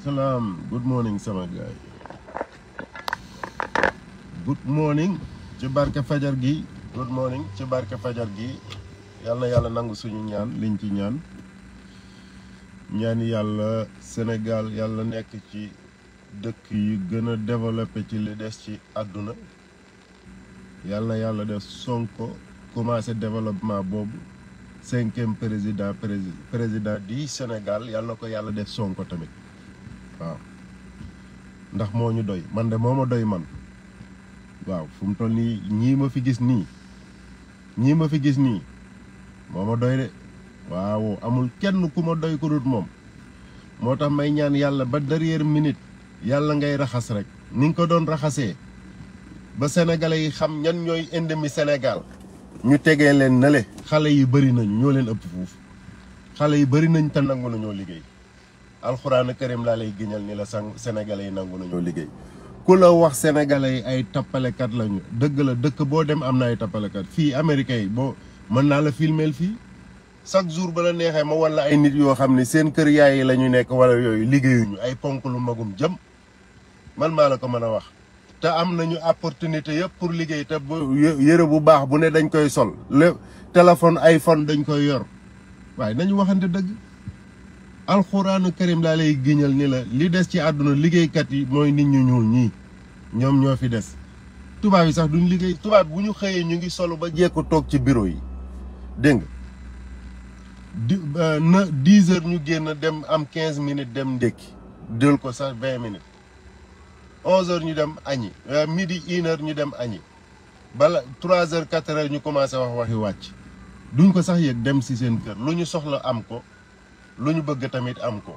salaam good morning sama gaay good morning ci barke fajar gi good ci barke fajar gi yàlla yàlla nangu suñu ñaan liñ ci ñaan ñaan yàlla Sénégal yàlla nekk ci dëkk yi gën a développé ci li des ci àdduna yàlla yàlla def Sonko commencé développement boobu cinquième président président du Sénégal yàlla ko yàlla def Sonko tamit waaw ndax moo ñu doy man de moo ma doy man waaw fu mu nii ñii ma fi gis nii ñii ma fi gis nii moo ma doy de waaw amul kenn ku ma doy ko dut moom moo tax may ñaan yàlla ba dernière minute yàlla ngay raxas rek ni ko doon raxasee ba sénégalais yi xam ñan ñooy ennemi Sénégal ñu tegee leen nale xale yi bari nañu ñoo leen ëpp fuuf xale yi bari nañ te nangu na ñoo liggéey alxuraan karim laa lay géñal ni la sang sénégalais yi nangu nañoo liggéey ku la wax sénégalais yi ay tappalekat lañu dëgg la dëkk boo dem am na ay tappalekat fii américains yi boo mën naa la filmeel fii chaque jour ba la neexee ma wala ay nit yoo xam ni seen kër yaay yi la ñu nekk wala yooyu liggéeyuñu ay ponk lu magum jëm man maa la ko mën a wax te am nañu opportunité yëpp pour liggéey te bu yëre bu baax bu ne dañ koy sol le téléphone iPhone dañ koy yor waay nañu alxuraanu karim laa lay géñal ni la li des ci àdduna liggéeykat yi mooy nit ñu ñuul ñi ñoom ñoo fi des tubaab yi sax duñ liggéey tubaab bu ñu xëyee ñu ngi solo ba jekko toog ci bureau yi dégg nga na dix heures ñu génn dem am quinze minutes dem ndékki dël ko sax vingt minutes onze heures ñu dem añi euh, midi une ñu dem añi bala trois heures quatre heures ñu commencé wax waxi wàcc duñ ko sax yëg dem si seen kër lu ñu soxla am ko lu ñu bëgg tamit am ko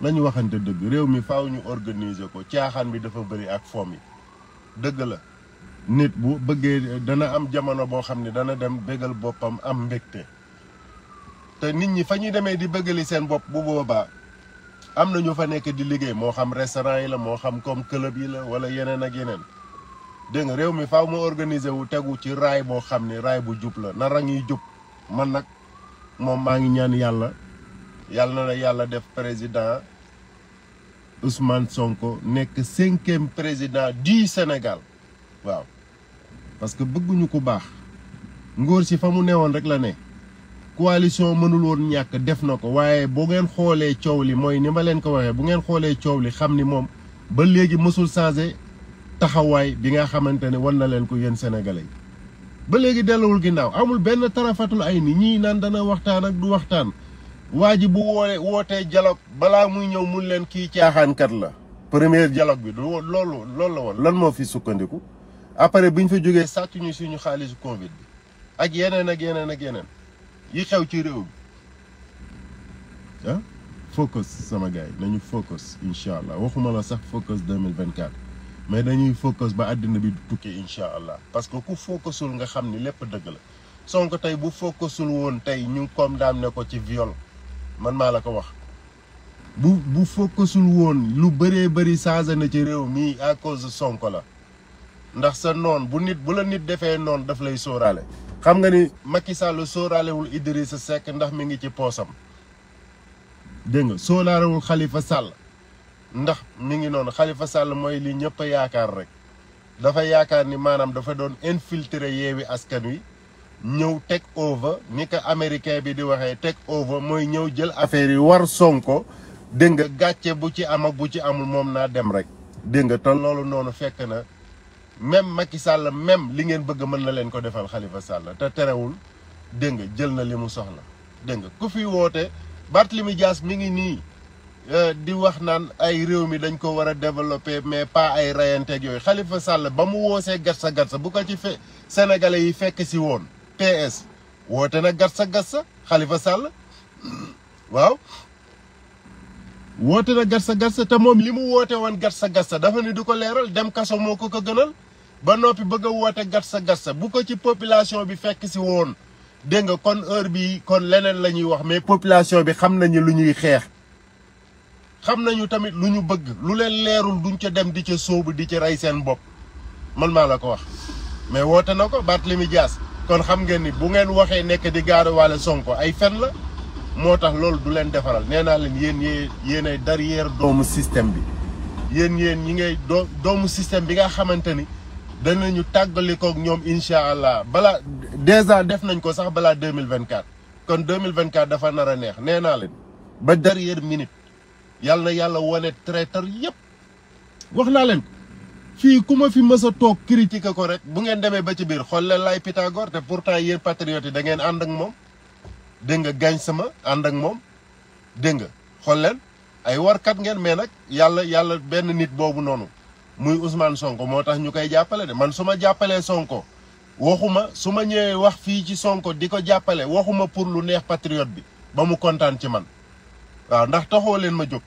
nañu waxante dëgg réew mi faw ñu organiser ko caaxaan bi dafa bëri ak fomm yi dëgg la nit bu bëggee dana am jamono boo xam ne dana dem bëggal boppam am mbégte te nit ñi fa ñuy demee di bëggali seen bopp bu boobaa am na ñu fa nekk di liggéey moo xam restaurant yi la moo xam comme club yi la wala yeneen ak yeneen dégg nga réew mi faw mu organiser wu tegu ci raay boo xam ne raay bu jub la na rang yi jub man nag moom maa ngi ñaan yàlla. yàlla na la yàlla def président Ousmane Sonko nekk cinquième président di Sénégal waaw parce que bëgguñu ku baax ngóor si fa mu newoon rek la ne coalition mënul woon ñàkk def na ko waaye bu ngeen xoolee coow li mooy ni ma leen ko waxee bu ngeen xoolee coow li xam ni moom ba léegi mësul changé taxawaay bi nga xamante ne war na leen ko yéen sénégalais yi ba léegi delluwul ginnaaw amul benn tarafatul ay ni ñii naan dana waxtaan ak du waxtaan waa ji bu woolee wootee dialogue balaa muy ñëw mu leen kii caaxaankat la première dialogue bi loolu loolu la woon lan moo fi sukkandiku après bi ñu fa jógee sàcc suñu xaalis Covid bi ak yeneen ak yeneen ak yeneen yi xew ci réew bi ah focus sama gars yi nañu focus incha allah waxuma la sax focus 2024 mais dañuy focus ba àddina bi tukkee incha allah parce que ku focusul nga xam ni lépp dëgg la Sonko tey bu focusul woon tey ñu daam ne ko ci viol man maa la ko wax bu bu fokkasul woon lu bëree bëri changé na ci réew mii à cause de Sonko la ndax sa noon bu nit bu la nit defee noon daf lay sóoraale xam nga ni Macky Sall sóoraalewul Idrissa Seck ndax mi ngi ci poosam dégg nga sóoraalewul Khalifa Sall ndax mi ngi noonu Khalifa Sall mooy li ñëpp a yaakaar rek dafa yaakaar ni maanaam dafa doon infiltrer yeewi askan wi ñëw teg over ni ko américain bi di waxee teg over mooy ñëw jël affaire yi war Sonko dégg nga gàcce bu ci am bu ci amul moom naa dem rek dégg nga te loolu noonu fekk na même Macky sàll même li ngeen bëgg mën na leen ko defal Khalifa Sall te terewul dégg nga jël na li mu soxla dégg nga ku fi woote Barthélemy Dias mi ngi nii euh, di wax naan ay réew mi dañ ko war a développer mais pas ay reyanteeg yooyu xalifa Sall ba mu woosee gatsa gatsa bu ko ci fe Sénégalais yi fekk si woon PS woote na gatsa gatsa xalifa Sall waaw woote na gatsa gatsa te moom li mu woote woon gatsa gatsa dafa ne du ko leeral dem kaso moo ko ko gënal ba noppi bëgg a woote gatsa gatsa bu ko ci population bi fekk si woon dégg nga kon heure bi kon leneen la ñuy wax mais population bi xam nañu lu ñuy xeex xam nañu tamit lu ñu bëgg lu leen leerul duñ ca dem di ca sóobu di ca rey seen bopp man maa la ko wax mais woote na ko li Barthélémy jaas kon xam ngeen ni bu ngeen waxee nekk di gaare waale Sonko ay fen la moo tax loolu du leen defaral nee naa leen yéen yéen yéen ay derrière doomu système bi yéen yéen ñi ngay doo doomu système bi nga xamante ni danañu tàggalikook ñoom incha allah balaa dèjà def nañ ko sax balaa deux mille vingt quatre kon deux mille vingt quatre dafa nar a neex nee naa leen ba dernière minute yàlla na yàlla wone traiteur yëpp wax naa leen fii ku ma fi mës a toog critiquer ko rek bu ngeen demee ba ci biir xool leen laay Pythagore te pourtant yéen patriotes yi da ànd ak moom dégg nga gaañ sama ànd ak moom dégg nga xool leen ay warkat ngeen mais nag yàlla yàlla benn nit boobu noonu muy Ousmane Sonko moo tax ñu koy jàppale de man su ma jàppalee Sonko waxuma su ma ñëwee wax fii ci Sonko di ko jàppale waxuma pour lu neex patriote bi ba mu kontaan ci man waaw ndax toxoo leen ma jóg.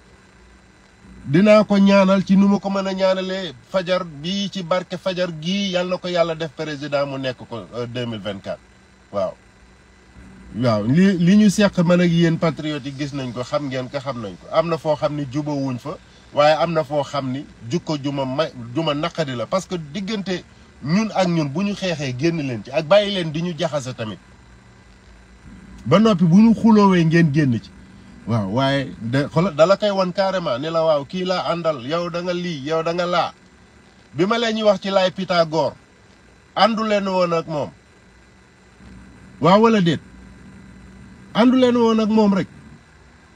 dinaa ko ñaanal ci nu ma ko mën a ñaanalee fajar bii ci barke fajar gii yàlla na ko yàlla def président mu nekk ko 2024 euh, waaw waaw li li ñu seq man ak yéen patriotes yi gis nañ ko xam ngeen ko xam nañ ko am na foo xam ni jubawuñ fa waaye am na foo xam ni jukko ju ma juma naqadi la parce que diggante ñun ak ñun bu ñu xeexee génn leen ci ak bàyyi leen di ñu jaxase tamit ba noppi bu ñu xuloowee ngeen génn ci waaw waaye de dala koy wan carrément ne la waaw kii laa àndal yow danga lii yow danga laa bi ma leen ñuy wax ci laay Pythagore àndu ànduleen woon ak moom waaw wala déet àndu leen woon ak moom rek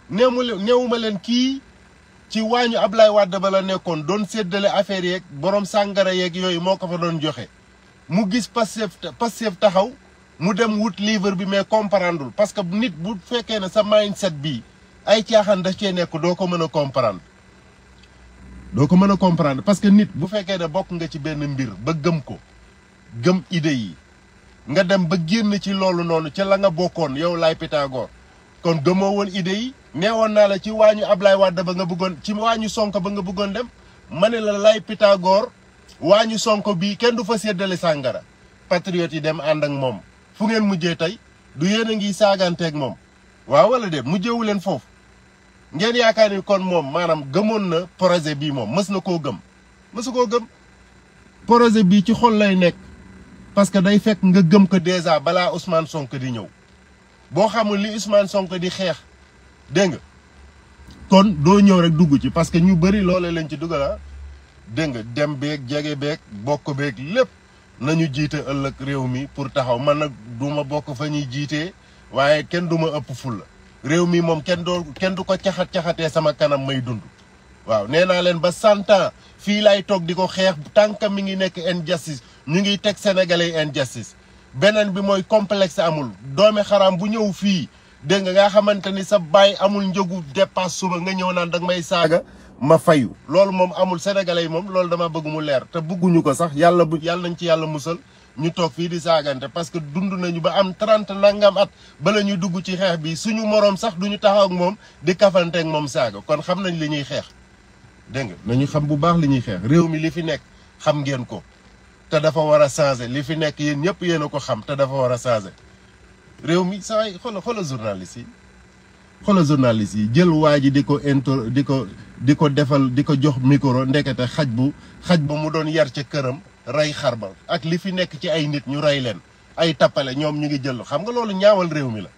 néew ma leen leen kii ci waañu laay wàdd ba la nekkoon doon séddale affaire yeeg borom sàngara yeeg yooyu moo ko fa doon joxe mu gis Pastef taxaw mu dem wut livre bi mais comprendreul parce que nit bu fekkee ne sa set bii. ay caaxaan daf cee nekk doo ko mën a comprendre doo ko mën a comprendre parce que nit bu fekkee ne bokk nga ci benn mbir ba gëm ko gëm idée yi nga dem ba génn ci loolu noonu ca la nga bokkoon yow laay Pythagore kon gëmoo woon idée yi neewoon naa la ci waañu ab Ablaye Wade ba nga bëggoon ci waañu sonk ba nga bëggoon dem ma ne la laay Pythagore waañu Sonko bii kenn du fa seddale sàngara patriote yi dem ànd ak moom fu ngeen mujjee tey du yéen a ngi ak moom waaw wala de mujjewu leen foofu ngeen yaakaar ni kon moom maanaam gëmoon na projet bii moom mës na koo gëm mësu koo gëm projet bii ci xool lay nekk parce que day fekk nga gëm ko dèjà balaa Ousmane sonk di ñëw boo xamul li Ousmane Sonko di xeex dégg nga kon doo ñëw rek dugg ci parce que ñu bëri loole lañ ci dugala ah. dégg nga dem beeg jege beeg bokk beeg lépp nañu jiite ëllëg réew mi pour taxaw man nag duma bokk fa ñuy jiitee waaye kenn duma ëpp fulla réew mii moom kenn doo kenn du ko caxat caxatee sama kanam may dund waaw nee naa leen ba cent ans fii laay toog di ko xeex tànk mi ngi nekk injustice ñu ngi teg sénégalais injustice beneen bi mooy complexe amul doomi xaraam bu ñëw fii dégg nga nga xamante ni sa baay amul njëgu dépasse suba nga ñëw naan danga may saaga ma fayu loolu moom amul sénégalais yi moom loolu dama bëgg mu leer te bëgguñu ko sax yàlla bu yàlla nañ ci yàlla musal ñu toog fii di saagante parce que dund nañu ba am trente langam at bala ñuy dugg ci xeex bi suñu moroom sax duñu taxaw ak moom di kafante ak moom saaga kon xam nañ li ñuy xeex dégg nga nañu xam bu baax li ñuy xeex réew mi li fi nekk xam ngeen ko te dafa war a changer li fi nekk yéen ñëpp yéen a ko xam te dafa war a changer réew mi saa yi xoola xoola journaliste yi xoola journaliste yi jël waa di ko intro di ko di ko defal di ko jox micro ndekete xaj bu xaj bu mu doon yar ca këram rey xar ba ak li fi nekk ci ay nit ñu rey leen ay tappale ñoom ñu ngi jël xam nga loolu ñaawal réew mi la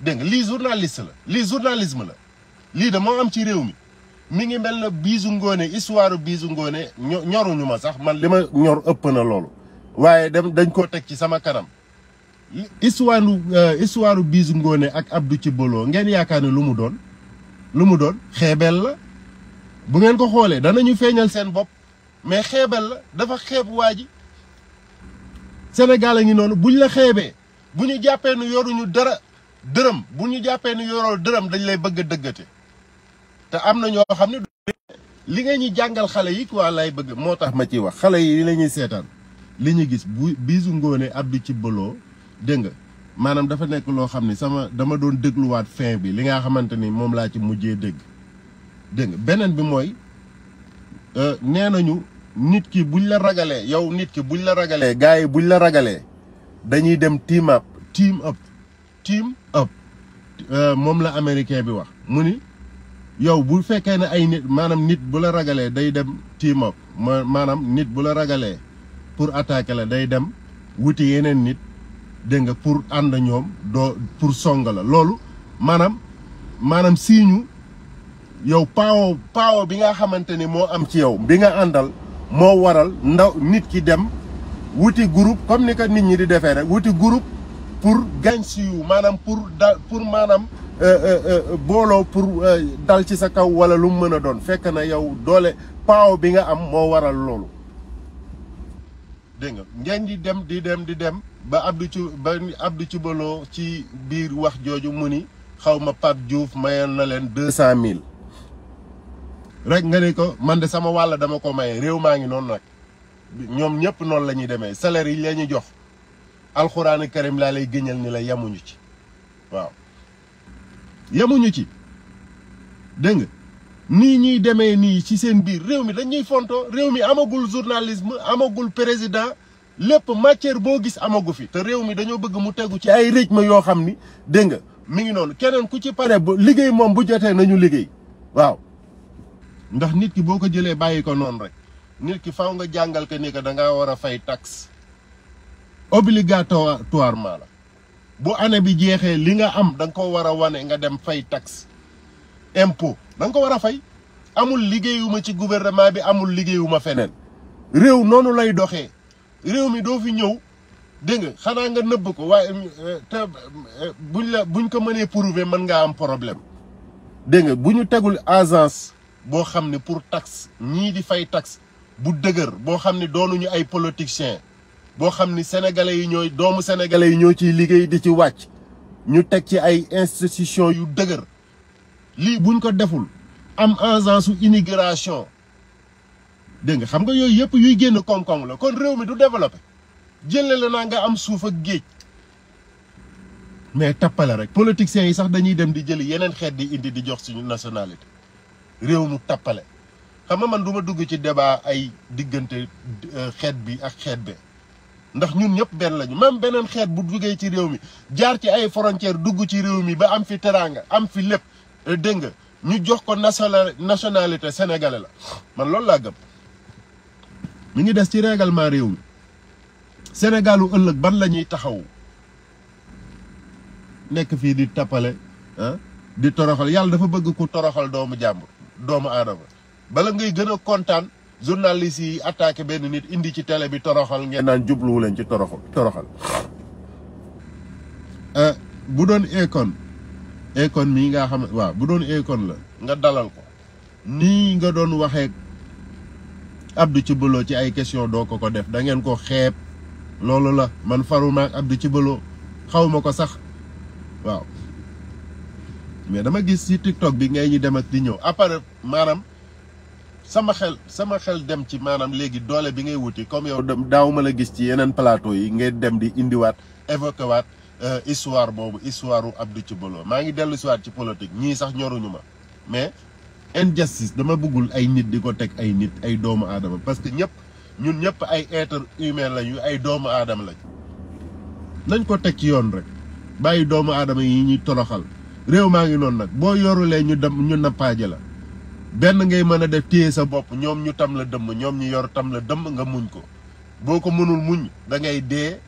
dégg li lii la lii journalisme la lii de moo am ci réew mi mi ngi mel na biisu ngoone histoire biisu ngoone ñoruñu ma sax man li ma ñor ëpp na loolu waaye dem dañ koo teg ci sama kanam histoire euh, histoire biisu ngoone ak Abdou ci boloo ngeen yaakaar ne lu mu doon lu mu doon xeebeel la bu ngeen ko xoolee danañu feeñal seen bopp mais xeebal la dafa xeeb waa ji Sénégal a ngi noonu buñ la xeebee bu ñu jàppee nu yoruñu dara dërëm bu ñu jàppee nu yoroo dërëm dañ lay bëgg a dëggate te am na ñoo xam ne li nga ñuy jàngal xale yi quoi lay bëgg moo tax ma ciy wax xale yi li la seetaan li ñu gis bu biisu ngóone abdu ci bëloo dégg nga maanaam dafa nekk loo xam ni sama dama doon dégluwaat fin bi li nga xamante ni moom laa ci mujjee dégg dégg nga beneen bi mooy euh, nee nañu nit ki buñ la ragalee yow nit ki buñ la ragalee gars yi buñ la ragalee dañuy dem team up team up team up euh, moom la américain bi wax mu ni yow bu fekkee ne ay nit maanaam nit bu la ragalee day dem team up maanaam nit bu la ragalee pour attaquer la day dem wuti yeneen nit dégg nga pour ànd ñoom doo pour song la loolu maanaam maanaam siiñu yow paawo paawo bi nga xamante ni moo am ci yow bi nga àndal moo waral ndaw nit ki dem wuti groupe comme ni ko nit ñi di defee rek wuti gurup pour gañ si yu maanaam pour da pour maanaam euh, euh, euh, booloo pour dal ci sa kaw wala lu mu mën a doon fekk na yow doole paaw bi nga am moo waral loolu dégg nga ngeen di dem di dem di dem ba Abdou ci ba Abdou Thioubalo ci biir wax jooju mu ni xawma ma Pape Diouf mayoon na leen deux cent mille rek nga ne ko man de sama wàll dama ko maye réew maa ngi noonu nag ñoom ñëpp noonu lañuy demee salaire yi ñuy jox alxuraani karim laa lay géñal ni la yemuñu ci waaw yamuñu ci dégg nga nii ñuy demee nii ci seen biir réew mi dañuy fonto réew mi amagul journalisme amagul président lépp matière boo gis amagu fi te réew mi dañoo bëgg mu tegu ci ay rythme yoo xam ni dégg nga mi ngi noonu keneen ku ci pare bu liggéey moom bu jotee nañu liggéey waaw ndax nit ki boo ko jëlee bàyyi ko noonu rek nit ki faw nga jàngal ko ni que da ngaa war a fay taxe obligatoirement la bu année bi jeexee li nga am da nga ko war a wane nga dem fay taxe impôt danga ko war a fay amul liggéeyuma ci gouvernement bi amul liggéeyuma feneen réew noonu lay doxee réew mi doo fi ñëw dégg nga xanaa nga nëbb ko waaye euh, te euh, buñ la buñ ko mënee prouver mën ngaa am problème dégg nga bu ñu tegul agence boo xam ne pour taxe ñii di fay taxe bu dëgër boo xam ne doonuñu ay politiciens boo xam ni sénégalais yi ñooy doomu sénégalais yi ñoo ciy liggéey di ci wàcc ñu teg ci ay institutions yu dëgër lii buñ ko deful am agence su immigration dégg nga xam nga yooyu yëpp yuy génn koom-koom la kon réew mi du développé jëlee la naa nga am suuf ak géej mais tappale rek politiciens yi sax dañuy dem di jëli yeneen xeet di indi di jox suñu nationalité. réew mu tappale xam nga man du dugg ci débat ay diggante euh, xeet bi ak xeet be ndax ñun ñëpp benn lañu même beneen xeet bu duggee ci réew mi jaar ci ay frontière dugg ci réew mi ba am fi teraanga am fi lépp euh, dégg nga ñu jox ko nationalité sénégalais la man loolu laa gëm mu ngi des ci règlement réew mi senegalu ëllëg ban lañuy ñuy taxawu nekk fii di tappale ah, di toroxal yàlla dafa bëgg ku toroxal doomu jàmbur doomu aadama bala ngay gën a kontaan journaliste yi attaqué benn nit indi ci télé bi toroxal ngeen naan jubluwu leen ci toroxal toroxal euh, bu doon école école mii nga xam ne waaw bu doon école la nga dalal ko nii nga doon waxee Abdou Thioubalo ci ay question doo ko ko def da ngeen ko xeeb loolu la man faruma ak Abdou Thioubalo xaw ma ko sax waaw mais dama gis ci tiktok bi ngay ñi dem ak di ñëw après manam sama xel sama xel dem ci manam léegi doole bi ngay wuti comme yow dawuma la gis ci yenen plateau yi ngay dem di indiwaat évoqué waat euh, histoire boobu histoire u Abdou ci Bolo maa ngi delu ci wat ci politique ñi sax ñoruñu mais injustice dama bëggul ay nit di tek ay nit ay doomu aadama parce que ñep ñun ñep ay être humain lañu ay doomu aadama lañu nañ ko tek ci yoon rek bayyi doomu aadama yi ñi toroxal réew maa ngi noonu nag boo yorulee ñu dem ñu nappaaje la benn ngay mën a def téye sa bopp ñoom ñu tam la dëmm ñoom ñu yor tam la dëmm nga muñ ko boo ko mënul muñ da ngay dee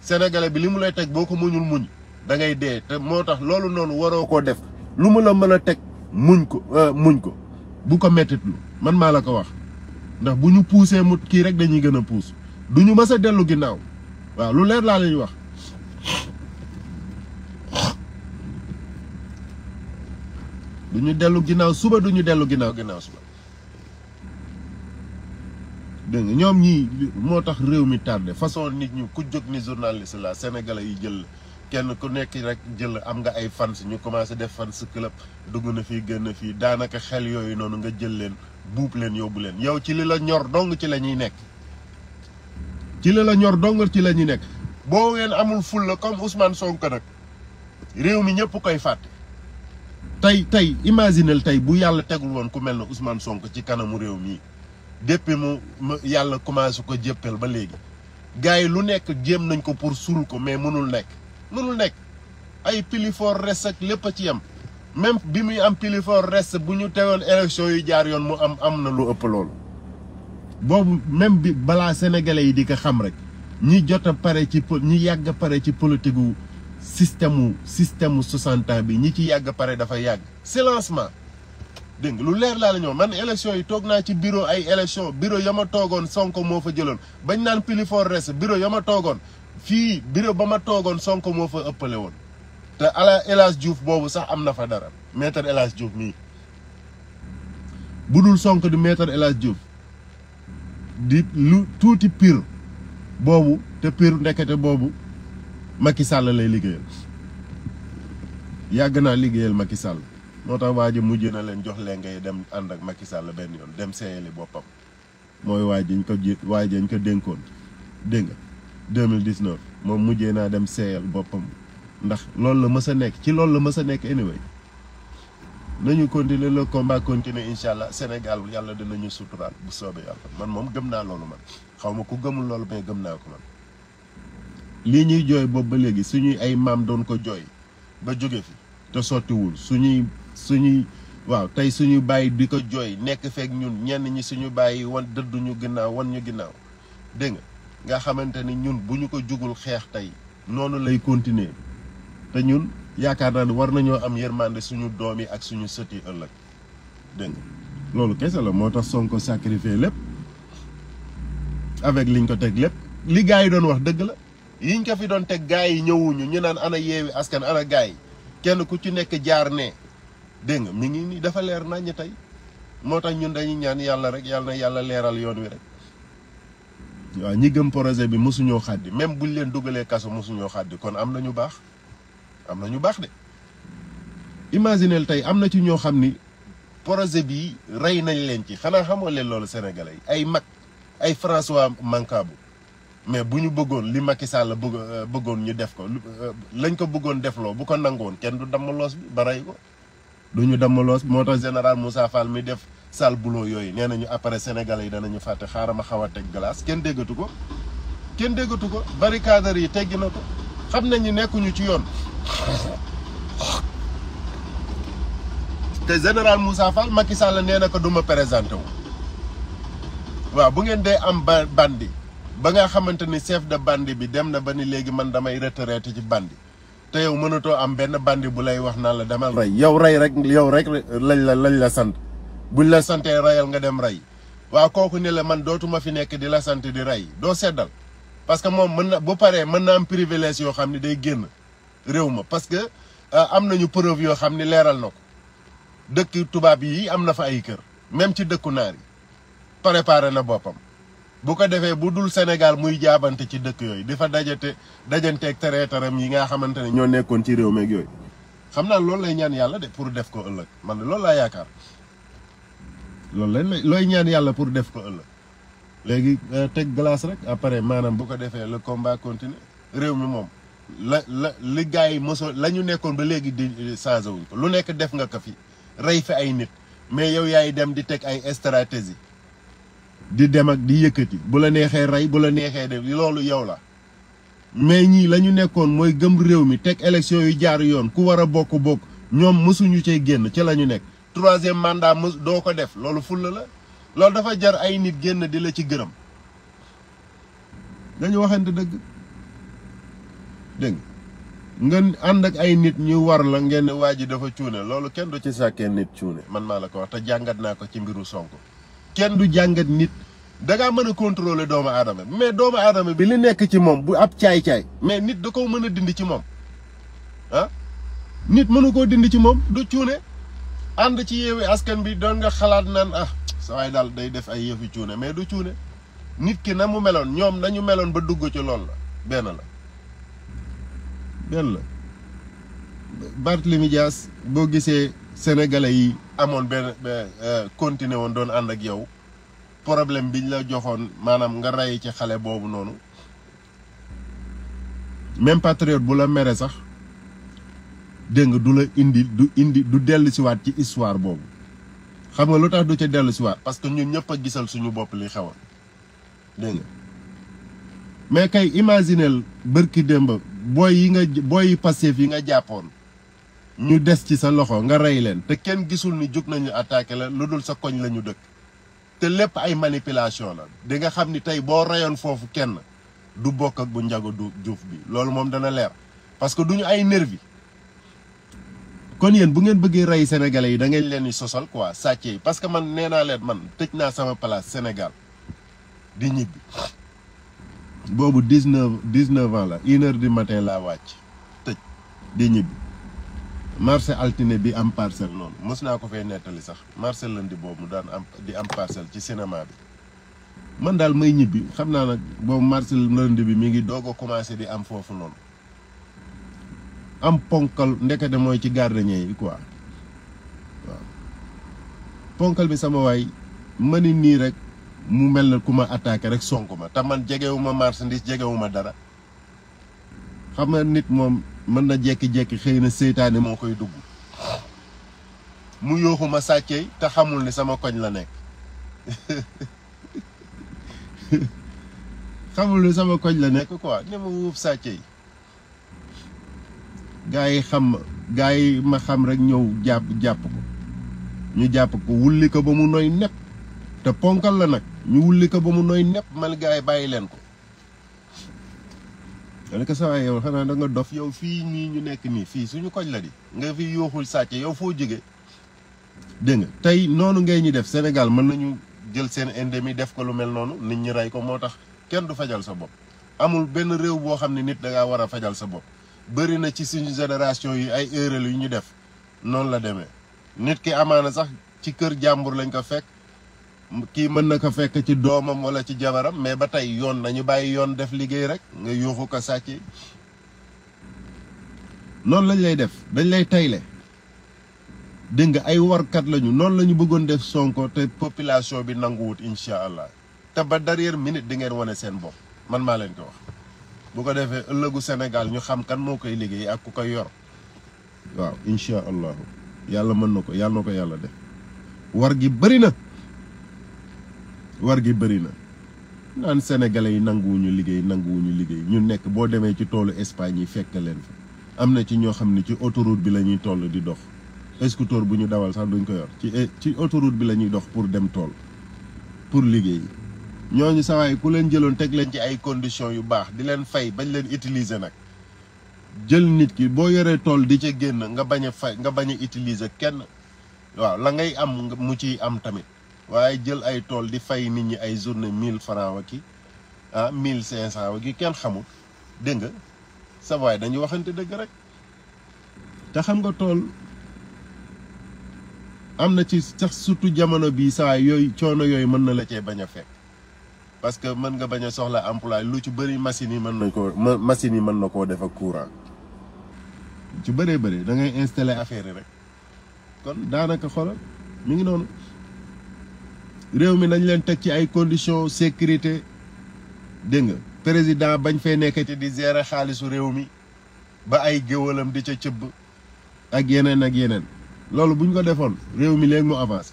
sénégalais bi li mu lay teg boo ko mënul muñ da ngay dee te moo tax loolu noonu waroo koo def lu mu la mën a teg muñ ko euh, muñ ko bu ko mettitlu man maa la ko wax ndax bu ñu puusee mut kii rek dañuy gën a puus du ñu mës a dellu ginnaaw waaw lu leer laa lay wax du ñu dellu ginnaaw suba du ñu dellu ginnaaw ginnaaw suba dégg nga ñoom ñii moo tax réew mi tardé façon nit ñu ku jóg ni journaliste la sénégalais yi jël kenn ku nekk rek jël am nga ay fans ñu commencé def fans club dugg na fi gën na fii daanaka xel yooyu noonu nga jël leen buub leen yóbbu leen yow ci li la ñor dong ci la ñuy nekk ci li la ñor dong ci la ñuy nekk boo ngeen amul fulla comme Ousmane sonk nag réew mi ñëpp koy fàtte tey tey imaginel tey bu yàlla tegul woon ku mel ne Ousmane sonk ci kanamu réew mii depuis mu yàlla commencé ko jëppal ba léegi gars yi lu nekk jéem nañ ko pour suul ko mais mënul nekk mënul nekk ay pilifor res ak lépp a ci yem même bi muy am pilifor res bu ñu teewoon élection yu jaar yoon mu am am na lu ëpp loolu boobu même bi balaa sénégalais yi di ko xam rek ñi jot a pare ci ñi yàgg pare ci politique système mu système mu 60 ans bi ñi ci yàgg pare dafa yàgg silencement dégg nga lu leer laa ñoo man élection yi toog naa ci bureau ay élection bureau ya ma toogoon Sonko moo fa jëloon bañ naan pilifor res bureau ya ma toogoon fii bureau ba ma toogoon sonk moo fa ëppale woon te ala El boobu sax am na fa dara maître El Hadj Diouf mii bu dul sonk di maître El Hadj Diouf di lu tuuti piir boobu te pire ndekete boobu Macky Sall lay liggéeyal yàgg naa liggéeyal Macky Sall moo tax waa ji na leen jox leen ngay dem ànd ak Macky Sall benn yoon dem seeyali boppam mooy waa jiñ ko ji waa jiñ ko dénkoon dégg nga 2019 moom mujjee naa dem seeyal boppam ndax loolu la mës a nekk ci loolu la mës a nekk anyway nañu continuer la combat continuer incha allah Sénégal yàlla dinañu suturaal bu soobee yàlla man moom gëm naa loolu man xaw ma ku gëmul loolu mais gëm naa ko man. lii ñuy jooy boobu ba léegi suñuy ay maam doon ko jooy ba jóge fi te sottiwul suñuy suñuy waaw tey suñu bàyyi di ko jooy nekk feek ñun ñenn ñi suñu bàyyi wan dëdduñu ginnaaw wan ñu ginnaaw dégg nga nga xamante ni ñun bu ñu ko jugul xeex tey noonu lay continuer te ñun yaakaar naa ni war nañoo am yërmande suñu doom yi ak suñu sët ëllëg dégg loolu kese la moo tax Sonko sacrifié lépp avec liñ ko teg lépp li gars yi doon wax dëgg la yiñ ko fi doon teg gars yi ñëwuñu ñu naan ana yeewi askan ana gars yi kenn ku ci nekk jaar ne dégg nga mi ngi nii dafa leer naññ tey moo tax ñun dañuy ñaan yàlla rek yàlla na yàlla leeral yoon wi rek. waaw ñi gëm projet bi mosuñoo xàddi même buñ leen dugalee kaso mosuñoo xàddi kon am na ñu baax am na ñu baax de. imaginel tey am na ci ñoo xam ni projet bi rey nañ leen ci xanaa xamoo leen loolu sénégalais yi ay mag ay François Mancabou mais bu ñu bëggoon li Macky Sall euh, bëggoon ñu def ko euh, lañ ko bëggoon defloo bu ko nangoon kenn du damm loos bi ba ko du ñu damm loos moo tax général Moussa Fall mi def sale boulot yooyu nee nañu après sénégalais yi danañu fàtte xaaral ma xaw a teg glace kenn déggatu ko kenn déggatu ko barricade yi teggi na ko xam nañu nekkuñu ci yoon te général Moussa Fall Macky Sall nee na ko du ma présenté waaw bu ngeen dee am bandi ba nga xamante ni chef de bande bi dem na ba ni léegi man damay retraité ci bandi te yow mënatoo am benn bandi bu lay wax naan la demal rey yow rey rek yow rek lañ la lañ la sant buñ la santee reyal nga dem rey waa kooku ne la man dootuma fi nekk di la sant di rey doo seddal parce que moom mën na bu paree mën na am privilège yoo xam ne day génn réew ma parce que euh, am nañu preuve yoo xam ni leeral na ko dëkk tubaab yi am na fa ay kër même ci dëkku naar yi préparé na boppam bu ko defee bu dul Sénégal muy jaabante ci dëkk yooyu di fa dajate dajanteeg traitaram yi nga xamante ne ñoo nekkoon ci réew meeg yooyu xam naa loolu lay ñaan yàlla de pour def ko ëllëg man loolu laa yaakaar loolu lañ looy ñaan yàlla pour def ko ëllëg léegi euh, teg glace rek après maanaam bu ko defee le combat réew mi moom la la li gars yi moso la ñu nekkoon ba léegi di changé wuñ ko lu nekk def nga ko fi rey fi ay nit mais yow yaay dem di teg ay stratégie di dem ak di yëkkati bu la neexee rey bu la neexee def loolu yow la mais ñii lañu nekkoon mooy gëm réew mi teg élection yu jaar yoon ku war a bokk-bokk ñoom mësuñu cay génn ci la ñu nekk troisième mandat mës doo ko def loolu fulla la loolu dafa jar ay nit génn di la ci gërëm dañu waxante dëgg dégg nga ànd ak ay nit ñu war la ngeen waa ji dafa cuune loolu kenn du ci sàkkee nit cuune man maa la ko wax te jàngat naa ko ci mbiru Sonko kenn du jàngat nit da ngaa mën a contrôler doomu aadama mais doomu adama bi li nekk ci moom bu ab caay-caay mais nit da ko mën a dindi ci moom ah nit mënu koo dindi ci moom du cuune ànd ci yeewi askan bi doon nga xalaat naan ah sa waay daal day def ay yëfi cuune mais du cuune nit ki na mu meloon ñoom nañu meloon ba dugg ci loolu la benn la benn la Barthélemy boo gisee sénégalais yi amoon benn euh, continué woon doon ànd ak yow problème biñ la joxoon maanaam nga rey ci xale boobu noonu même patriote bu la mere sax dégg nga du la indi du indi du dellu siwaat ci histoire boobu xam nga lu tax du ca dellu siwaat parce que ñun ñëpp a gisal suñu bopp li xewoon dégg nga mais kay imaginel bërki démb booy yi nga booy yi passif yi nga jàppoon ñu des ci sa loxo nga rey leen te kenn gisul ni jóg nañu attaqué la lu dul sa koñ la ñu dëkk te lépp ay manipulation la di nga xam ni tey boo reyoon foofu kenn du bokk ak bu njago du juuf bi loolu moom dana leer parce que du ñu ay nervi kon yéen bu ngeen bëggee rey sénégalais yi da ngeen leen di sosal quoi sàcce yi parce que man nee naa leen man tëj naa sama place Sénégal di ñibbi boobu dix neuf dix neuf la une heure du matin laa wàcc tëj di ñibbi. marché altine bi am parcelle noonu mos naa ko fay nettali sax marché lëndi boobu daan am di am parcelle ci cinéma bi man daal may ñibbi xam naa nag boobu marché lëndi bi mi ngi doog a commencé di am foofu noonu am ponkal ndekete mooy ci gardien yi quoi waaw ponkal bi sama waay ma nii rek mu mel na ku ma attaqué rek sonk ma te man jegewuma marchandise jegewuma dara xam nga nit moom mën na jekki-jekki xëy na seytaane moo koy dugg mu ma sàccee te xamul ni sama koñ la nekk xamul ni sama koñ la nekk quoi ne ma wuuf gaa yi xam ma gaa yi ma xam rek ñëw jàpp jàpp ko ñu jàpp ko wulli ko ba mu noy nepp te ponkal la nag ñu wulli ko ba mu noy nepp man gaa yi bàyyi leen ko dana ko saa yow xanaa da nga dof yow fii nii ñu nekk nii fii suñu koñ la di nga fi yooxul sàcc yow foo jóge dégg nga tey noonu ngay ñu def Sénégal mën nañu jël seen endemi def ko lu mel noonu nit ñi rey ko moo tax kenn du fajal sa bopp amul benn réew boo xam ne nit da ngaa war a fajal sa bopp bëri na ci suñu génération yi ay erreur yu ñu def noonu la demee nit ki amaana sax ci kër jàmbur lañ ko fekk kii mën na ko fekk ci doomam wala ci jabaram mais ba tey yoon nañu bàyyi yoon def liggéey rek nga yuuxu ko sàcc noonu lañ lay def dañ lay tayle dégg nga ay warkat lañu noonu la bëggoon def sonko te population bi nanguwut incha allah te ba dernière minute di ngeen wane seen bopp man maa leen ko wax bu ko defee ëllëgu Sénégal ñu xam kan moo koy liggéey ak ku ko yor waaw incha allahu yàlla mën na ko yàlla yàlla def war gi bëri na war gi bëri na naan sénégalais yi nanguwuñu liggéey nanguwuñu liggéey ñu nekk boo demee ci toolu Espagne yi fekk leen fa am na ci ñoo xam ne ci autoroute bi la ñuy toll di dox scooter bu ñu dawal sax duñ ko yor ci eh, ci autoroute bi la ñuy dox pour dem tool pour liggéey ñooñu sawaay ku leen jëloon teg leen ci ay conditions yu baax di leen fay bañ leen utiliser nag jël nit ki boo yoree tool di ca génn nga bañ a fay nga bañ a utiliser kenn waaw la ngay am mu ciy am tamit waaye jël ay tool di fay nit ñi ay journée mille francs wa ki ah mille cinq cent wa ki kenn xamul dégg nga sa waay dañu waxante dëgg rek te xam nga tool am na ci sax surtout jamono bii saa yooyu coono yooyu mën na la cee bañ a fekk parce que mën nga bañ a soxla emploi lu ci bëri machines yi mën na koo machines yi mën na koo def ak courant ci bëree bëri da ngay installer affaire yi rek kon daanaka xoolal mi ngi noonu réew mi nañ leen teg ci ay conditions sécurité dégg nga président bañ fee nekkati di gérer xaalisu réew mi ba ay géwalam di ca cëbb ak yeneen ak yeneen loolu buñ ko defoon réew mi léegi mu avancé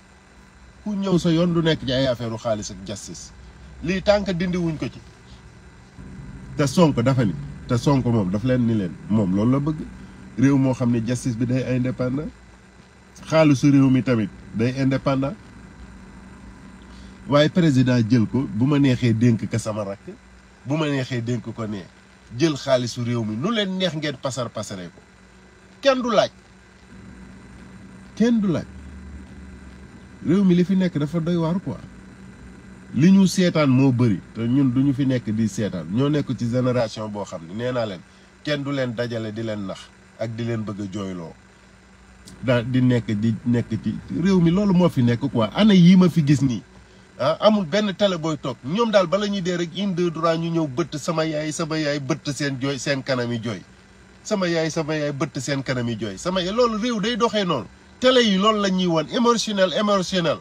ku ñëw sa yoon du nekk ci ay affaire xaalis ak justice lii tànk dindi wuñ ko ci te Sonko dafa ni te Sonko moom daf leen ni leen moom loolu la bëgg réew moo xam ne justice bi day indépendant xaalisu réew mi tamit day indépendant waaye président jël ko bu ma neexee dénk ko sama rakk bu ma neexee dénk ko ne jël xaalisu réew mi nu leen neex ngeen pasar pasaree ko kenn du laaj kenn du laaj réew mi li fi nekk dafa doy ko quoi li ñu seetaan moo bëri te ñun du ñu fi nekk di seetaan ñoo nekk ci génération boo xam ne nee naa leen kenn du leen dajale di leen nax ak di leen bëgg a jooyloo daa di nekk di nekk ci réew mi loolu moo fi nekk quoi ana yii ma fi gis nii. ah amul benn télé booy toog ñoom daal bala ñuy dee rek une du trois ñu ñëw bëtt sama yaay sama yaay bëtt seen jooy seen kanam jooy sama yaay sama yaay bëtt seen kanam jooy sama yaay loolu réew day doxee noonu tele yi loolu la ñuy wan émotionnel émotionnel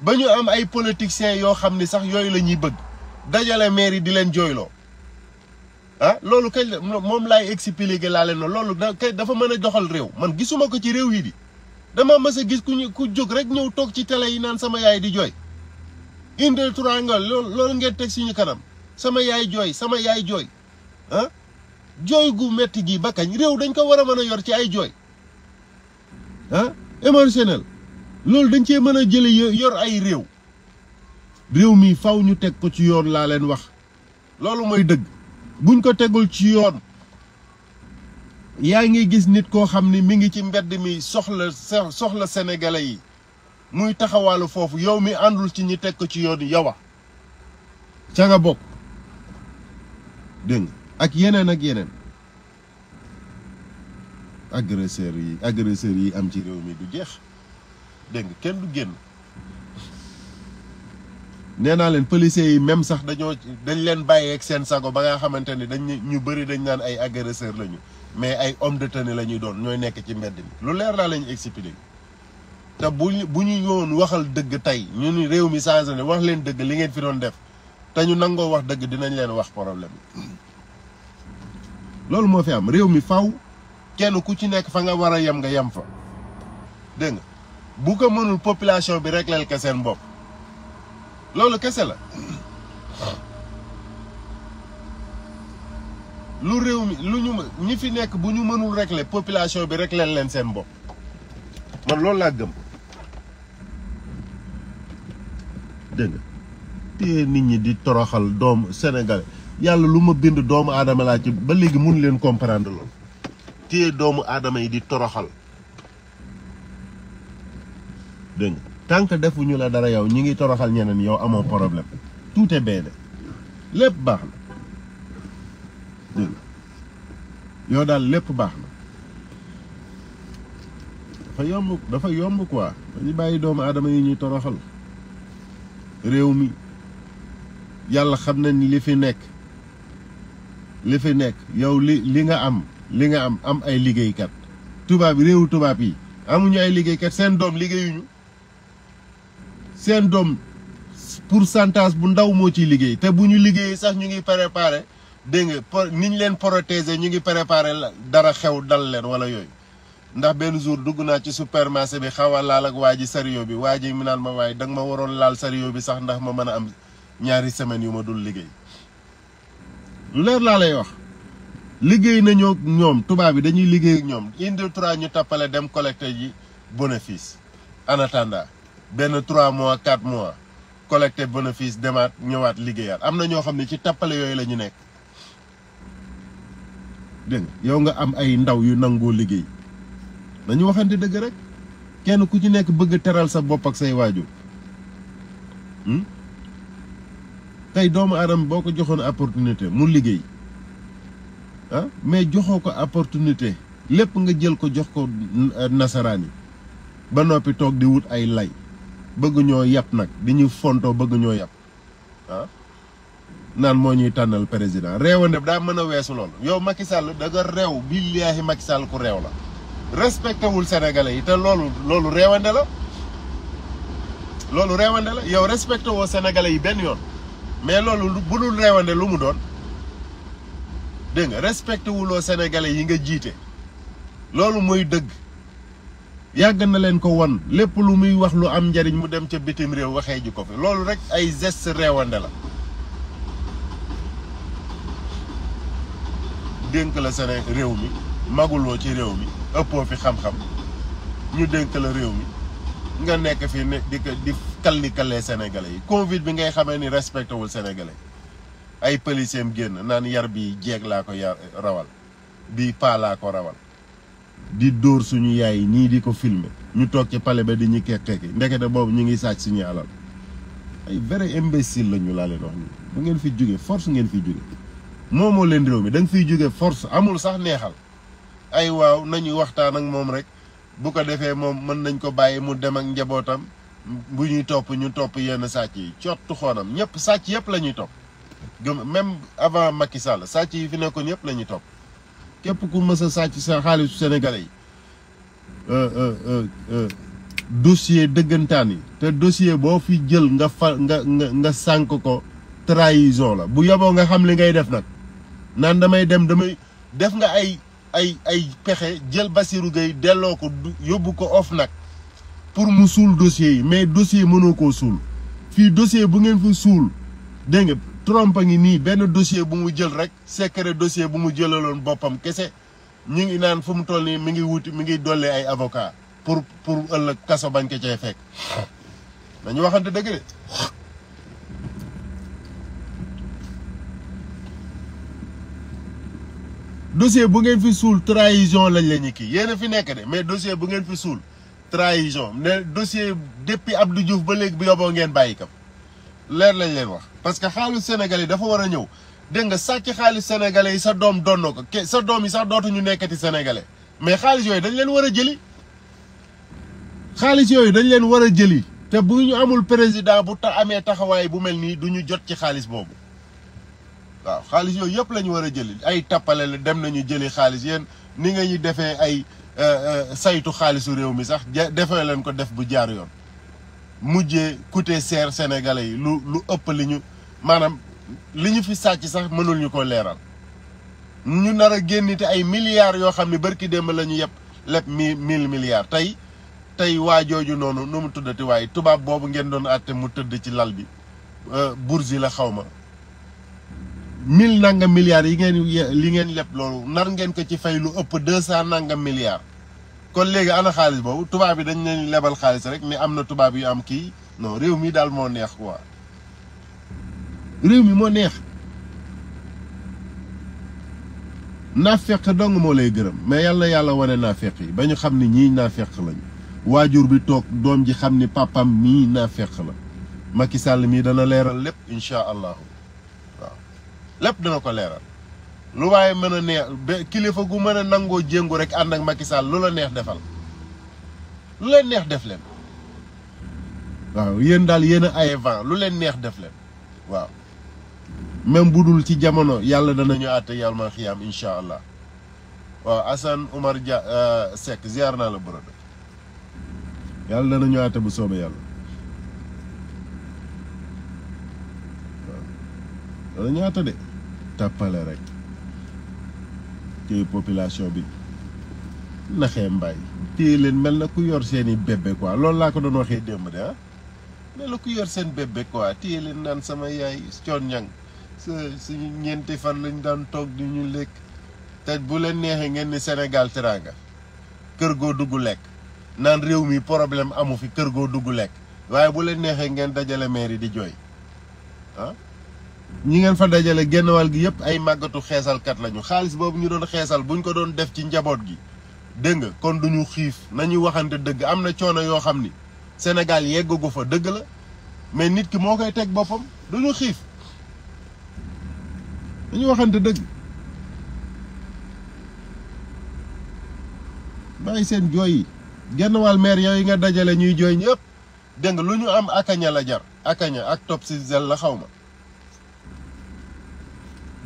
ba ñu am ay politiciens yoo xam ni sax yooyu la ñuy bëgg dajale maire yi di leen jooyloo ah loolu kay moom laay expliquer laa leen loolu da kay dafa mën a doxal réew man gisuma ko ci réew yi di dama mës a gis ku ñu ku jóg rek ñëw toog ci télé yi naan sama yaay di jooy. indil turangal loolu loolu ngeen teg suñu kanam sama yaay jooy sama yaay jooy ah? jooy gu metti gi ba kañ réew dañ ko war a mën a yor ci ay jooy ah loolu dañ cee mën a jële yor ay réew réew mi faw ñu teg ko ci yoon laa leen wax loolu mooy dëgg buñ ko tegul ci yoon yaa ngi gis nit koo xam ni mi ngi ci mbedd mi soxla soxla sénégalais yi muy taxawaalu foofu yow mi àndul ci ñi teg ko ci yoon yowa ca nga bokk dégg ak yeneen ak yeneen agresseurs yi agresseurs yi am ci réew mi du jeex dégg nga kenn du génn nee naa leen policiers yi même sax dañoo dañ leen bàyyeeg seen sago ba nga xamante ni dañ ñu bëri dañ naan ay agresseurs lañu mais ay hommes de tenue la ñuy doon ñooy nekk ci mbedd mi lu leer laa lañu expliqué te bu bu ñu yoon waxal dëgg tey ñu ni réew mi changé na wax leen dëgg li ngeen fi doon def te ñu nangoo wax dëgg dinañ leen wax problème yi loolu moo fi am réew mi faw kenn ku ci nekk fa nga war a yem nga yem fa dégg nga bu ko mënul population bi régleel ke seen bopp loolu kese la lu réew lu ñu ñi fi nekk bu ñu mënul régler population bi régleel leen seen bopp man loolu laa gëm dégg nga téye nit ñi di toroxal doomu senegal yàlla lu ma bind doomu aadama laa ci ba léegi mun leen comprendre loolu téye doomu aadama yi di toroxal dégg nga defuñu la dara yow ñi ngi toroxal ñeneen yow amoo poroblème tout est bien lépp baax na dégg yow daal lépp baax na dafa yomb dafa yomb quoi dañu bàyyi doomu aadama yi ñuy toroxal réew mi yàlla xam na ni li fi nekk li fi nekk yow li li nga am li nga am am ay liggéeykat tubaab yi réewu tubaab yi amuñu ay liggéeykat seen doom liggéeyuñu seen doom pourcentage bu ndaw moo ciy liggéey te bu ñu liggéey sax ñu ngi préparé dégg nga niñ leen protéger ñu ngi préparé dara xew dal leen wala yooyu ndax benn jour dugg naa ci supermarché bi xawal laal ak waa ji sariyo bi waa ji mi naan ma waaye danga ma waroon laal sario bi sax ndax ma mën a am ñaari semaine yu ma dul liggéey lu leer laa lay wax liggéey nañoo ñoom tubaab yi dañuy liggéey ak ñoom indi trois ñu tappale dem collecté ji bénéfice en benn troit mois quatre mois collecte bénéfice demaat ñëwaat liggéeyaat am na ñoo xam ne ci tappale yooyu la ñu nekk dégg yow nga am ay ndaw yu nangoo liggéey dañu waxante dëgg rek kenn ku ci nekk bëgg teral sa bopp ak say waajur hmm? tey doomu aadama boo ko joxoon opportunité mu liggéey ah mais joxoo ko opportunité lépp nga jël ko jox ko nasaraan yi ba noppi toog di wut ay lay bëgg ñoo yàpp nag bi ñu fontoo bëgg ñoo yàpp ah naan moo ñuy tànnal président réewande daa mën a weesu lool yow Macky Sall da nga réew billaahi Macky Sall ku réew la respecté wul sénégalais yi te loolu loolu réewande la loolu réewande la yow respecté woo sénégalais yi benn yoon mais loolu bu dul réewande lu mu doon dégg nga respecté wuloo sénégalais yi nga jiite loolu mooy dëgg yàgg na leen ko won lépp lu muy wax lu am njariñ mu dem ca bitim réew waxee ji ko fi loolu rek ay geste réewande la dénk la Sénégal réew mi maguloo ci réew mi ëppoo fi xam-xam ñu dénk la réew mi nga nekk fi ne di di kalli kallee sénégalais yi Covid bi ngay xamee ni respecté wul sénégalais ay policiers génn naan yar bi jeeg laa ko yar rawal bii paa laa ko rawal di dóor suñu yaay yi ñii di ko filmer ñu toog ci pale ba di ñu kekkeeki ndekete boobu ñu ngi sàcc suñu alal ay vrai imbécile la ñu laa leen wax nii bu ngeen fi jóge force ngeen fi jóge moomoo leen réew mi da fiy jóge force amul sax neexal ay waaw nañu waxtaan ak moom rek bu ko defee moom mën nañ ko bàyyi mu dem ak njabootam bu ñuy topp ñu topp yenn sàcc yi cottu xoonam ñëpp sàcc yëpp la ñuy topp même avant Macky Sall sàcc yi fi nekkoon yëpp la ñuy topp képp ku mës a sàcc sa xaalisu sénégalais yi euh, euh, euh, dossier dëggantaan yi te dossier boo fi jël nga fa nga nga nga sànk ko trahison la bu yeboo nga xam li ngay def nag naan damay dem damay def nga ay ay ay pexe jël Bassirou Gueye delloo ko yóbbu ko of nag pour mu suul dossier yi mais dossier mënoo koo suul fii dossier bu ngeen fi suul dégg nga Trump a ngi nii benn dossier bu mu jël rek secret dossier bu mu jëlaloon boppam kese ñu ngi naan fu mu toll nii mi ngi wuti mi ngi dollee ay avocat pour pour ëllëg kaso bañ ko cee fekk dañu waxante dëgg dossier bu ngeen fi suul trahison lañ la ñu kii yéen fi nekk de mais dossier bu ngeen fi suul trahison ne dossier depuis Abdou Diouf ba léegi bu yoboo ngeen bàyyi kam leer lañ leen wax parce que xaalis sénégalais yi dafa war a ñëw dégg nga sàcc xaalis sénégalais yi sa doom doon na ko sa doom yi sax dootuñu nekkati sénégalais mais xaalis yooyu dañ leen war a jëli xaalis yooyu dañ leen war a jëli te bu ñu amul président bu ta amee taxawaay bu mel nii du ñu jot ci xaalis boobu waaw xaalis yooyu yëpp lañu ñu war a jëli ay tappale la dem nañu jëli xaalis yéen ni nga ñu defee ay euh, euh, saytu xaalisu réew mi sax defee leen ko def bu jaar yoon mujjee coûté seer sénégalais yi lu lu ëpp li ñu maanaam li ñu fi sàcc sax mënul ñu ko leeral ñu nar a génnite ay milliards yoo xam ne barki démb la ñu yëpp lépp mi mille milliards tey tey waa jooju noonu nu mu tuddati waaye tubaab boobu ngeen doon àtte mu tëdd ci lal bi euh, Bourgi la xaw ma mille nangam milliards yi ngeen li ngeen leb loolu nar ngeen ko ci fay lu ëpp deux cent nangam milliards. kon léegi ana xaalis boobu tubaab yi dañu leen lebal xaalis rek ni am na tubaab yu am kii non réew mi daal moo neex quoi réew moo neex naafeq dong moo lay gërëm mais yàlla yàlla wane naafeq yi ba ñu xam ni ñii naafeq lañu waajur bi toog doom ji xam ni papam mii naafeq la Macky Sall mii dana leeral lépp incha allahu. lépp dina ko leeral lu waaye mën a neex kilifa gu mën a nangoo jéngu rek ànd ak Macky lu la neex defal lu leen neex def leen waaw yéen daal yéen a ay lu leen neex def leen waaw même bu dul ci jamono yàlla danañu àtte yàlla ma xiyaam incha allah waaw Assane Omar Dia euh, Seck ziar naa la borodo yàlla danañu àtte bu soobee yàlla. wala ñaata de tàppale rek téye population bi naxee mbay téye leen mel na ku yor seen i bébé quoi loolu laa ko doon waxee démb de ah. mel na ku yor seen bébé quoi téye leen naan sama yaay coon ñang sa suñu ñeenti fan lañ daan toog di ñu lekk te bu leen neexee ngeen ni Sénégal teraanga kër goo dugg lekk naan réew mi problème amu fi kër goo dugg lekk waaye bu leen neexee ngeen dajale maire yi di jooy ah? ñi ngeen fa dajale genn wàll gi yëpp ay màggatu xeesalkat lañu xaalis boobu ñu doon xeesal buñ ko doon def ci njaboot gi dégg nga kon duñu xiif nañuy waxante dëgg am na coono yoo xam ni Sénégal yeggagu fa dëgg la mais nit ki moo koy teg boppam duñu xiif dañu waxante dëgg bàyyi seen jooy yi genn wàll maire yooyu nga dajale ñuy jooy ñëpp dégg nga lu ñu am akaña la jar akaña ak top si zel la xaw ma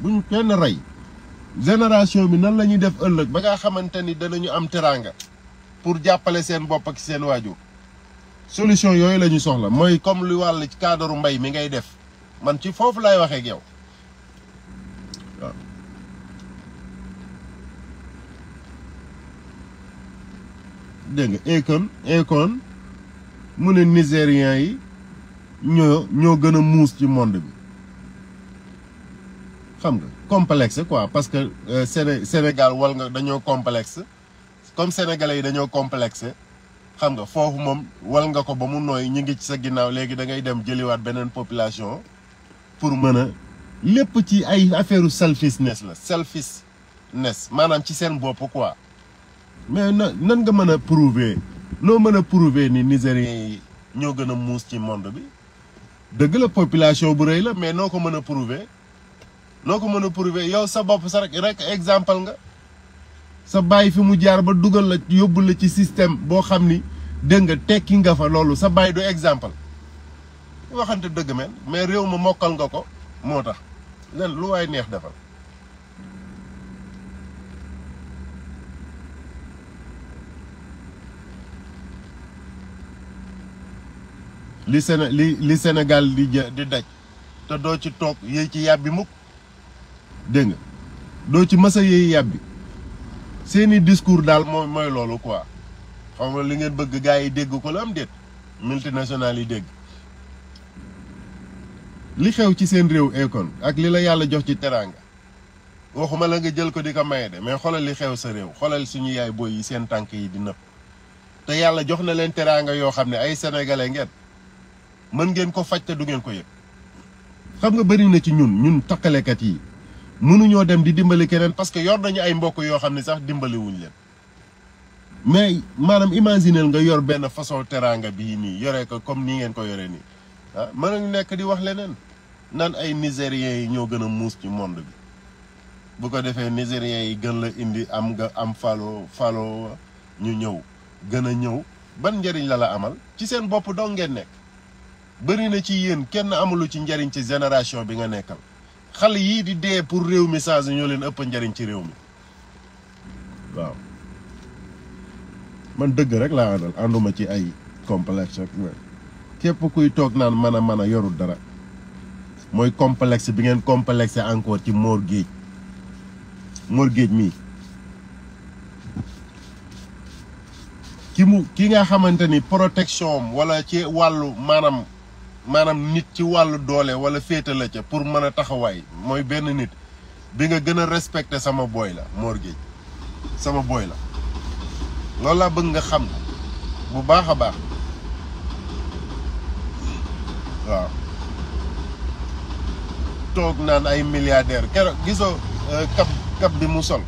buñ kenn rey génération bi nan la ñuy def ëllëg ba nga xamante ni danañu am teraanga pour jàppale seen bopp ak seen waajur solution yooyu la ñu soxla mooy comme lu wàll ci cadre mbay mi ngay def man ci foofu laay waxee ak yow waaw nga Akon Akon mu ne nigérians yi ñoo ñoo gën a muus ci monde bi xam nga complexe quoi parce que euh, Sénégal wal nga dañoo complexe comme sénégalais yi dañoo complexe xam nga foofu moom wal nga ko ba mu nooy ñu ngi ci sa ginnaaw léegi da ngay dem jëliwaat beneen population pour mën a lépp ci ay affaire selfishness la selfishness maanaam ci seen bopp quoi mais na nan nga mën a prouver noo mën a prouver ni nigériens yi ñoo gën a muus ci monde bi dëgg la population bu rëy la mais noo ko mën a prouver loko meuna prouver yow sa bop sa rek rek exemple nga sa bàyyi fi mu jaar ba duggal la yobul la ci système bo xamni de nga tekki nga fa lolou sa bàyyi do exemple waxante deug mel mais rew mu mokal nga ko motax len lu way neex defal li Séné li Sénégal di di daj te do ci tok yéy ci yàbbi mukk dégg nga doo ci masa yeey yàbbi seeni discours daal mooy mooy loolu quoi xaw ma li ngeen bëgg gars yi dégg ko la am déet multinationales yi dégg li xew ci seen réew ekon ak li la yàlla jox ci teraanga ma la nga jël ko di ko maye de mais xoolal li xew sa réew xoolal suñu yaay booy yi seen tànk yi di nëpp te yàlla jox na leen teraanga yoo xam ne ay sénégalais ngeen mën ngeen ko faj te du ngeen ko yëg xam nga bëri na ci ñun ñun takkalekat yi mënuñoo dem di dimbali keneen parce que yor nañu ay mbokk yoo xam ne sax dimbaliwuñ leen mais maanaam imagineel nga yor benn façon teraanga bi nii yore ko comme nii ngeen ko yoree nii ah mën nañu nekk di wax leneen nan ay nigériens yi ñoo gën a muus ci monde bi bu ko defee nigériens yi gën la indi am nga am falo falo ñu ñëw gën a ñëw ban njëriñ la la amal ci seen bopp dong ngeen nekk bëri na ci yéen kenn amulu ci njëriñ ci génération bi nga nekkal. xale yii di dee pour réew mi saa ñoo leen ëpp njariñ ci réew mi waaw man dëgg rek laa àndal ànduma ci ay complexe képp kuy toog naan mën a mën a yorul dara mooy complexe bi ngeen complexe encore ci Mor Géej Mor Géej mii ki mu ki nga xamante ni protection wala ci wàllu maanaam maanaam nit ci wàllu doole wala féete la ca pour mën a taxawaay mooy benn nit bi nga gën a respecté sama booy la Mor Gueye sama booy la loolu laa bëgg nga xam bu baax a baax waaw toog naan ay milliardaire keroog gisoo kap euh, kap bi mu sol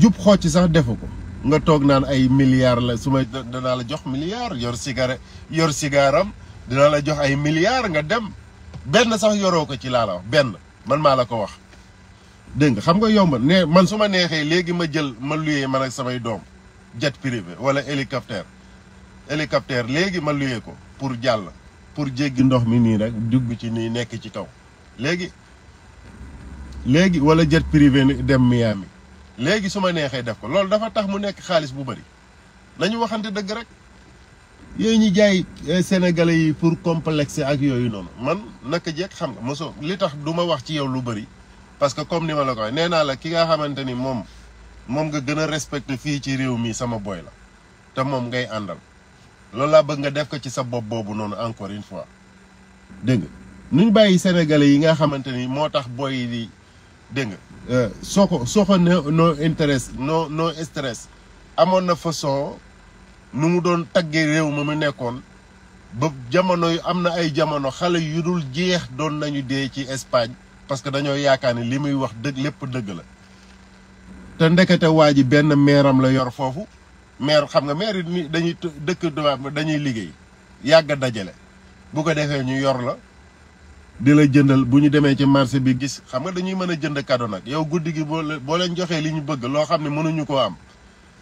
jub xocc sax defu ko nga toog naan ay milliards la su ma danaa la jox milliards yor cigare yor cigaram dinaa la jox ay milliards nga dem benn sax yoroo ko ci laa la benn man maa la ko wax dégg nga xam nga yomb ne man su ma neexee léegi ma jël ma luyee man ak samay doom jet privé wala hélicoptère hélicoptère léegi ma luyee ko pour jàll pour jéggi ndox mi nii rek dugg ci nii nekk ci kaw léegi léegi wala jet privé dem Miami lagi suma ma def ko lolou dafa tax mu nek xaalis bu bari lañu waxante deug rek yoy ñi jaay eh, sénégalais yi pour complexer ak yooyu non man nak jek xam nga mosoo li tax duma wax ci yow lu bari parce que comme ni la koy néna la ki nga xamanteni mom mom nga gëna fi ci réew mi sama boy la té mom ngay andal lolou la bëgg nga def ko ci sa bopp bobu non encore une fois deug nuñ sénégalais yi nga xamanteni motax boy yi deug Euh, soo ko soo ko no no intéresse no no stress amoon na façon nu mu doon taggee réew ma mu nekkoon ba jamono yu am na ay jamono xale yu dul jeex doon nañu dee ci Espagne parce que dañoo yaakaar ni li muy wax dëgg lépp dëgg la te ndekete waa ji benn meeram la yor foofu meer xam nga meer yi dañuy dëkk dañuy liggéey yàgg dajale bu ko defee ñu yor la di la jëndal bu ñu demee ci marché bi gis xam nga dañuy mën a jënd cadeau nag yow guddi gi boo boo leen joxee li ñu bëgg loo xam ne mënuñu koo am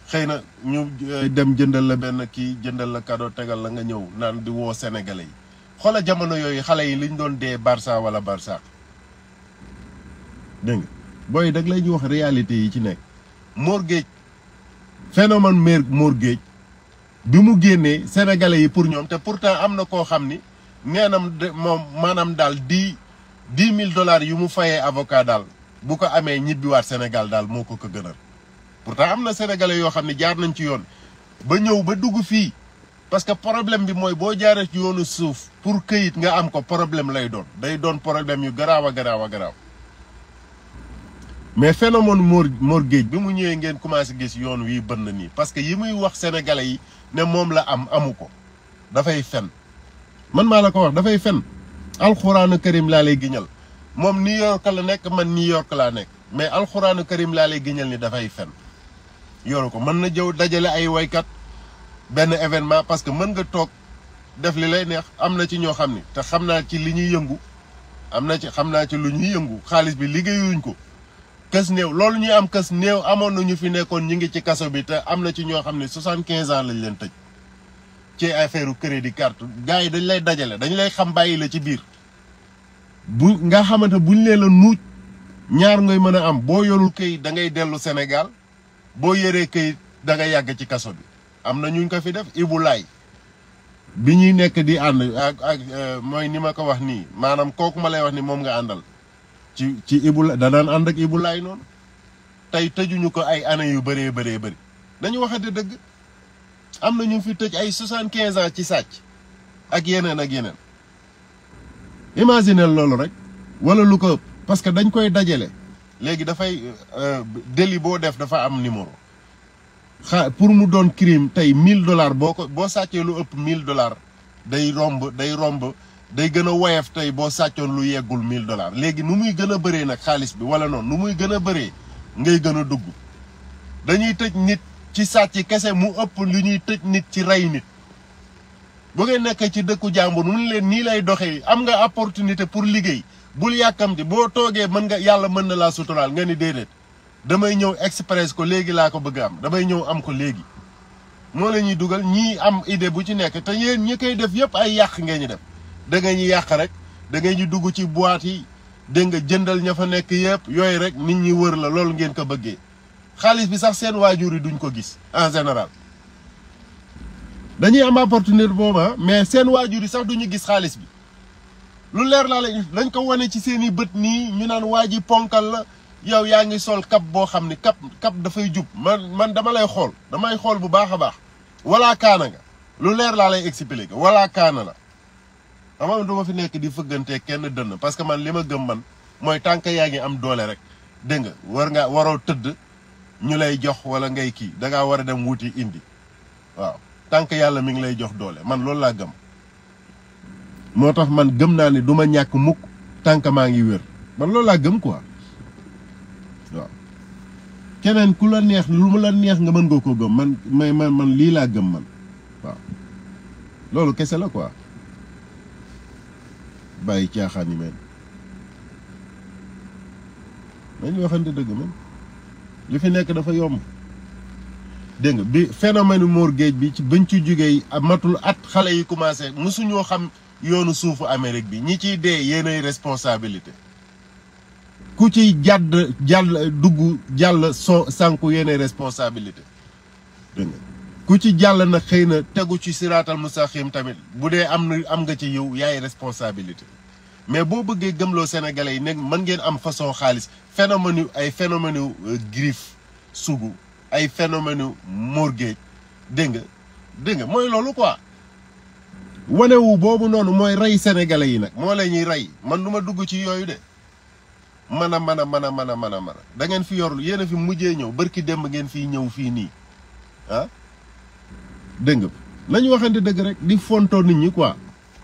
xëy na ñu euh, dem jëndal la benn kii jëndal la cadeau tegal la nga ñëw naan di woo sénégalais yi xoola jamono yooyu xale yi liñ doon dee barsa wala barsa dégg nga booy dag la ñuy wax réalité yi ci nekk mortgage phénomène mortgage bi mu génnee sénégalais yi pour ñoom te pourtant am na koo xam ni neenam de moom maanaam daal di di mille dollars yu mu fayee avocat daal bu ko amee ñibbiwaat Sénégal daal moo ko ko gënal pourtant am na sénégalais yoo xam ne jaar nañ ci yoon ba ñëw ba dugg fii parce que problème bi mooy boo jaaree ci yoonu suuf pour kayit nga am ko problème lay doon day doon problème yu garaaw a garaaw a garaaw mais phénomène mor mortgage bi mu ñëwee ngeen commencé gis yoon wii na nii parce que yi muy wax sénégalais yi ne moom la am amu ko dafay fen man maa la ko wax dafay fen alxuraanu karim laa lay giñal moom New York la nekk man New York laa nekk mais alxuraanu kërim laa lay giñal ni dafay fen yoru ko mën na jëw dajale ay woykat benn événement parce que mën nga toog def li lay neex am na ci ñoo xam ni te xam naa ci li ñuy yëngu am na ci xam naa ci lu ñuy yëngu xaalis bi liggéeyuñ ko kës néew loolu ñuy am kës néew amoon na ñu fi nekkoon ñu ngi ci kaso bi te am na ci ñoo xam ne soixante-quinze ans lañ leen tëj ci affaire crédit carte gars yi dañ lay dajale dañ lay xam bàyyi la ci biir bu nga xamante buñ lee la nuuj ñaar ngay mën a am boo yorul këyit da ngay dellu senegal boo yoree këyit da ngay yàgg ci kaso bi am na ñu ko fi def Ibou Laye bi ñuy nekk di ànd ak ak euh, mooy ni ma ko wax nii maanaam kooku ma lay wax ni moom nga àndal ci ci Ibou Laye da daan ànd ak Ibou Laye noonu tey tëjuñu ko ay année yu bëree bëree bëri dañu waxante dëgg. am na ñu fi tëj ay soixante quinze ans ci sàcc ak yeneen ak yeneen imaginez loolu rek wala lu ko ëpp parce que dañ koy dajale léegi dafay euh, délit boo def dafa am numéro xaa pour mu doon kirim tey mille dollars boo ko boo sàccee lu ëpp mille dollars day romb day romb day gën a woyof tey boo sàccoon lu yeggul mille dollars léegi nu muy gën a bëree nag xaalis bi wala noonu nu muy gën a bëree ngay gën a dugg dañuy tëj nit ci sàcc kese mu ëpp lu ñuy tëj nit ci rey nit bu ngeen nekkee ci dëkku mu mun leen nii lay doxee am nga opportunité pour liggéey bul yàkkamti boo toogee mën nga yàlla mën na laa suturaal nga ni déedéet damay ñëw express ko léegi laa ko bëgg am damay ñëw am ko léegi moo la ñuy dugal ñii am idée bu ci nekk te yéen ñi koy def yëpp ay yàq ngeen ñu def da nga ñu yàq rek da nga ñu dugg ci boîte yi dégg nga jëndal ña fa nekk yëpp yooyu rek nit ñi wër la loolu ngeen ko bëggee Kalis bi sax seen waajur yi duñ ko gis en général dañuy am opportunité boba mais seen waajur yi sax duñu gis xaalis bi lu leer la la dañ ko woné ci seen beut ni ñu naan waji ponkal la yow yaangi sol kap bo xamni ni kap da fay jup man man dama lay dama lay xol bu baax a baax walaa lalai nga lu leer la lay expliquer wala kana la dama du ma fi nek di feugante kenn deun parce que man lima gëm man moy yaangi am doole rek deng. nga war nga waro teud ñu lay jox wala ngay kii dangaa war a dem wuti indi waaw tànk yàlla mi ngi lay jox doole man loolu laa gëm moo tax man gëm naa ni du ma ñàkk mukk tànk maa ngi wér man loolu laa gëm quoi waaw ku la neex lu mu neex nga mën nga ko gëm man may man man lii laa gëm man waaw loolu kese la ko bàyyi caaxaan yi mel nañu waxante dëgg man li fi nekk dafa yomb dégg nga bi phénomène moor géej bi ci bañ ci jugee matul at xale yi commencé mosuñoo xam yoonu suufu Amérique bi ñi ciy dee yéenay responsabilité ku ci jàdd jàll dugg jàll so sànku yéenay responsabilité ku ci jàll na xëy na tegu ci siraatal musaxim tamit bu dee am na am nga ci yow yaay responsabilité mais boo bëggee gëmloo sénégalais yi ne man ngeen am façon xaalis phénomène yu ay phénomène yu euh, griffe sugu ay phénomène yu mortgage dégg nga dégg nga mooy loolu quoi. wanewu boobu noonu mooy rey sénégalais yi nag moo la ñuy rey man du ma dugg ci yooyu de man a man a man a man a man a man da ngeen fi yorul yéen a fi mujjee ñëw barki démb ngeen fii ñëw fii nii ah dégg nga nañu waxante dëgg rek di fontoo nit ñi quoi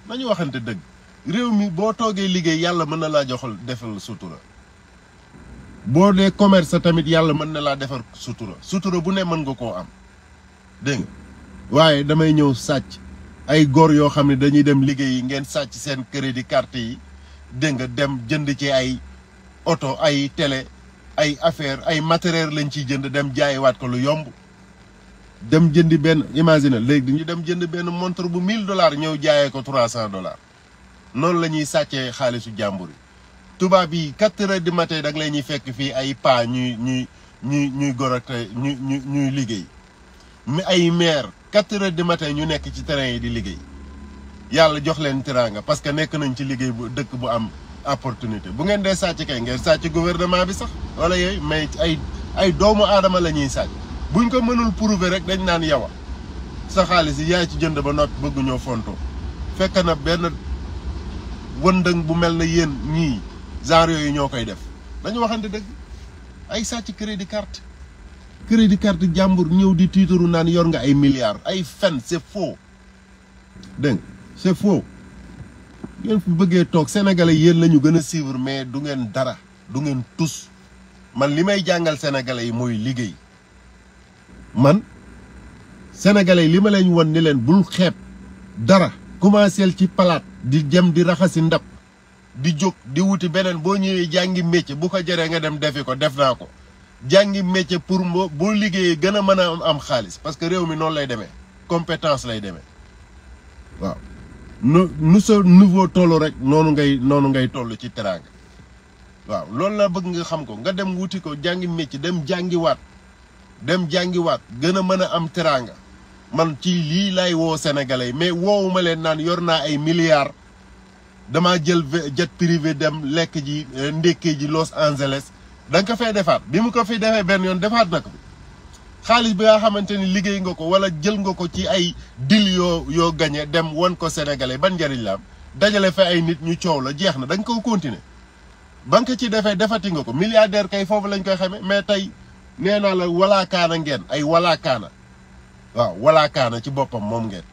nañu waxante dëgg. réew mi boo toogee liggéey yàlla mën na laa joxal defal sutura boo dee commerce tamit yàlla mën na laa defar sutura sutura bu ne mën nga koo am dégg waaye damay ñëw sàcc ay góor yoo xam ne dañuy dem liggéey yi ngeen sàcc seen crédit carte yi dégg nga dem jënd ci ay oto ay tele ay affaire ay matériel lañ ciy jënd dem jaayiwaat ko lu yomb dem jëndi benn imagine léegi dañu dem jënd benn montre bu 1000 dollars ñëw jaayee ko 300 dollars noonu la ñuy sàccee xaalisu jàmbur yi tubaab yi quatre heures du matin da leen ñuy fekk fii ay paa ñuy ñuy ñuy ñuy gorote ñuy ñuy ñuy liggéey mais ay maire quatre heures du matin ñu nekk ci terrain yi di liggéey yàlla jox leen teraanga parce que nekk nañ ci liggéey bu dëkk bu am opportunité bu ngeen dee sàcc kay ngeen sàcc gouvernement bi sax wala yooyu mais ay ay doomu aadama la ñuy sàcc buñ ko mënul prouver rek dañ naan yow sa xaalis yi yaa ci jënd ba noppi bëgguñoo fontoo fekk na benn wëndëng bu mel na yéen ñii genre yooyu ñoo koy def dañu waxante dëgg ay sàcc crédit carte crédit carte jàmbur ñëw di tiitaru naan yor nga ay milliards ay fen c'est fo dégg c'est faux ngeen fi bëggee toog sénégalais yéen la ñu gën a suivre mais du ngeen dara du ngeen tus man li may jàngal sénégalais yi mooy liggéey man sénégalais li ma leen won ni leen bul xeeb dara commencé ci palaat di jëm di raxasi ndab di jóg di wuti beneen boo ñëwee jàngi métier bu ko jëree nga dem defi ko def naa ko jàngi métier pour mo boo liggéeyee gën a mën a am xaalis parce que réew mi noonu lay demee compétence lay demee waaw nu nu sa nouveau toll rek noonu ngay noonu ngay toll ci teraanga waaw loolu la bëgg nga xam ko nga dem wuti ko jàngi métier dem jàngiwaat dem jàngiwaat gën a mën a am teraanga man ci lii laay woo sénégalais mais woowuma leen naan yor naa ay milliards dama jël jet privé dem lekk ji eh, ndékkee ji Los Angeles da ko fee defaat bi mu ko fi defee benn yoon defaat na ko xaalis bi nga xamante ni liggéey nga ko wala jël nga ko ci ay dil yoo yoo gañe dem wan ko sénégalais ban njëriñ laam dajale fa ay nit ñu coow la jeex na da ko continuer ba nga ko ci defee defati nga ko milliardaire kay foofu lañ koy xamee mais tey nee naa la walaakaana ngeen ay walaakaana waaw walaakaana ci boppam moom ngeen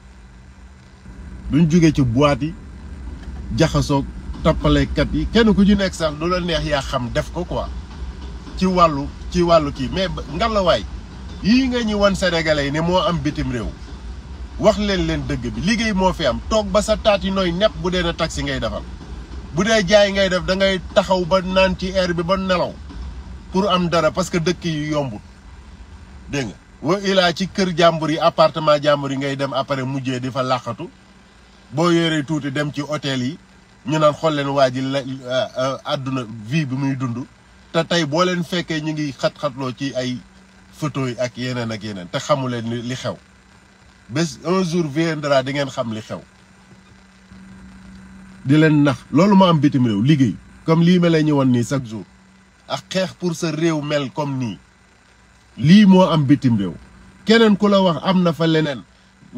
duñ jóge ci boîte yi jaxasoog tappalekat yi kenn ku ci nekk sax lu la neex yaa xam def ko quoi ci wàllu ci wàllu kii mais ngalawaay yii nga ñi wan sénégalais yi ne moo am bitim réew wax leen leen dëgg bi liggéey moo fi am toog ba sa taat yi nooy nepp bu dee na taxi ngay defal bu dee jaay ngay def da ngay taxaw ba naan ci air bi ba nelaw pour am dara parce que dëkk yi yombut dégg wa ilaa ci kër jàmbur yi appartement jàmbur yi ngay dem après mujjee di fa làqatu boo yoree tuuti dem ci hôtel yi ñu naan xool leen waa ji la euh, euh, àdduna vie bi muy dund te tey boo leen fekkee ñu ngi xat-xatloo ci ay photo yi ak yeneen ak yeneen te xamu leen li xew bés un jour viendra di ngeen xam li xew di leen nax loolu ma am bitim réew liggéey comme lii ma la ñu woon nii chaque jour ak xeex pour sa réew mel comme nii lii moo am bitim réew keneen ku la wax am na fa leneen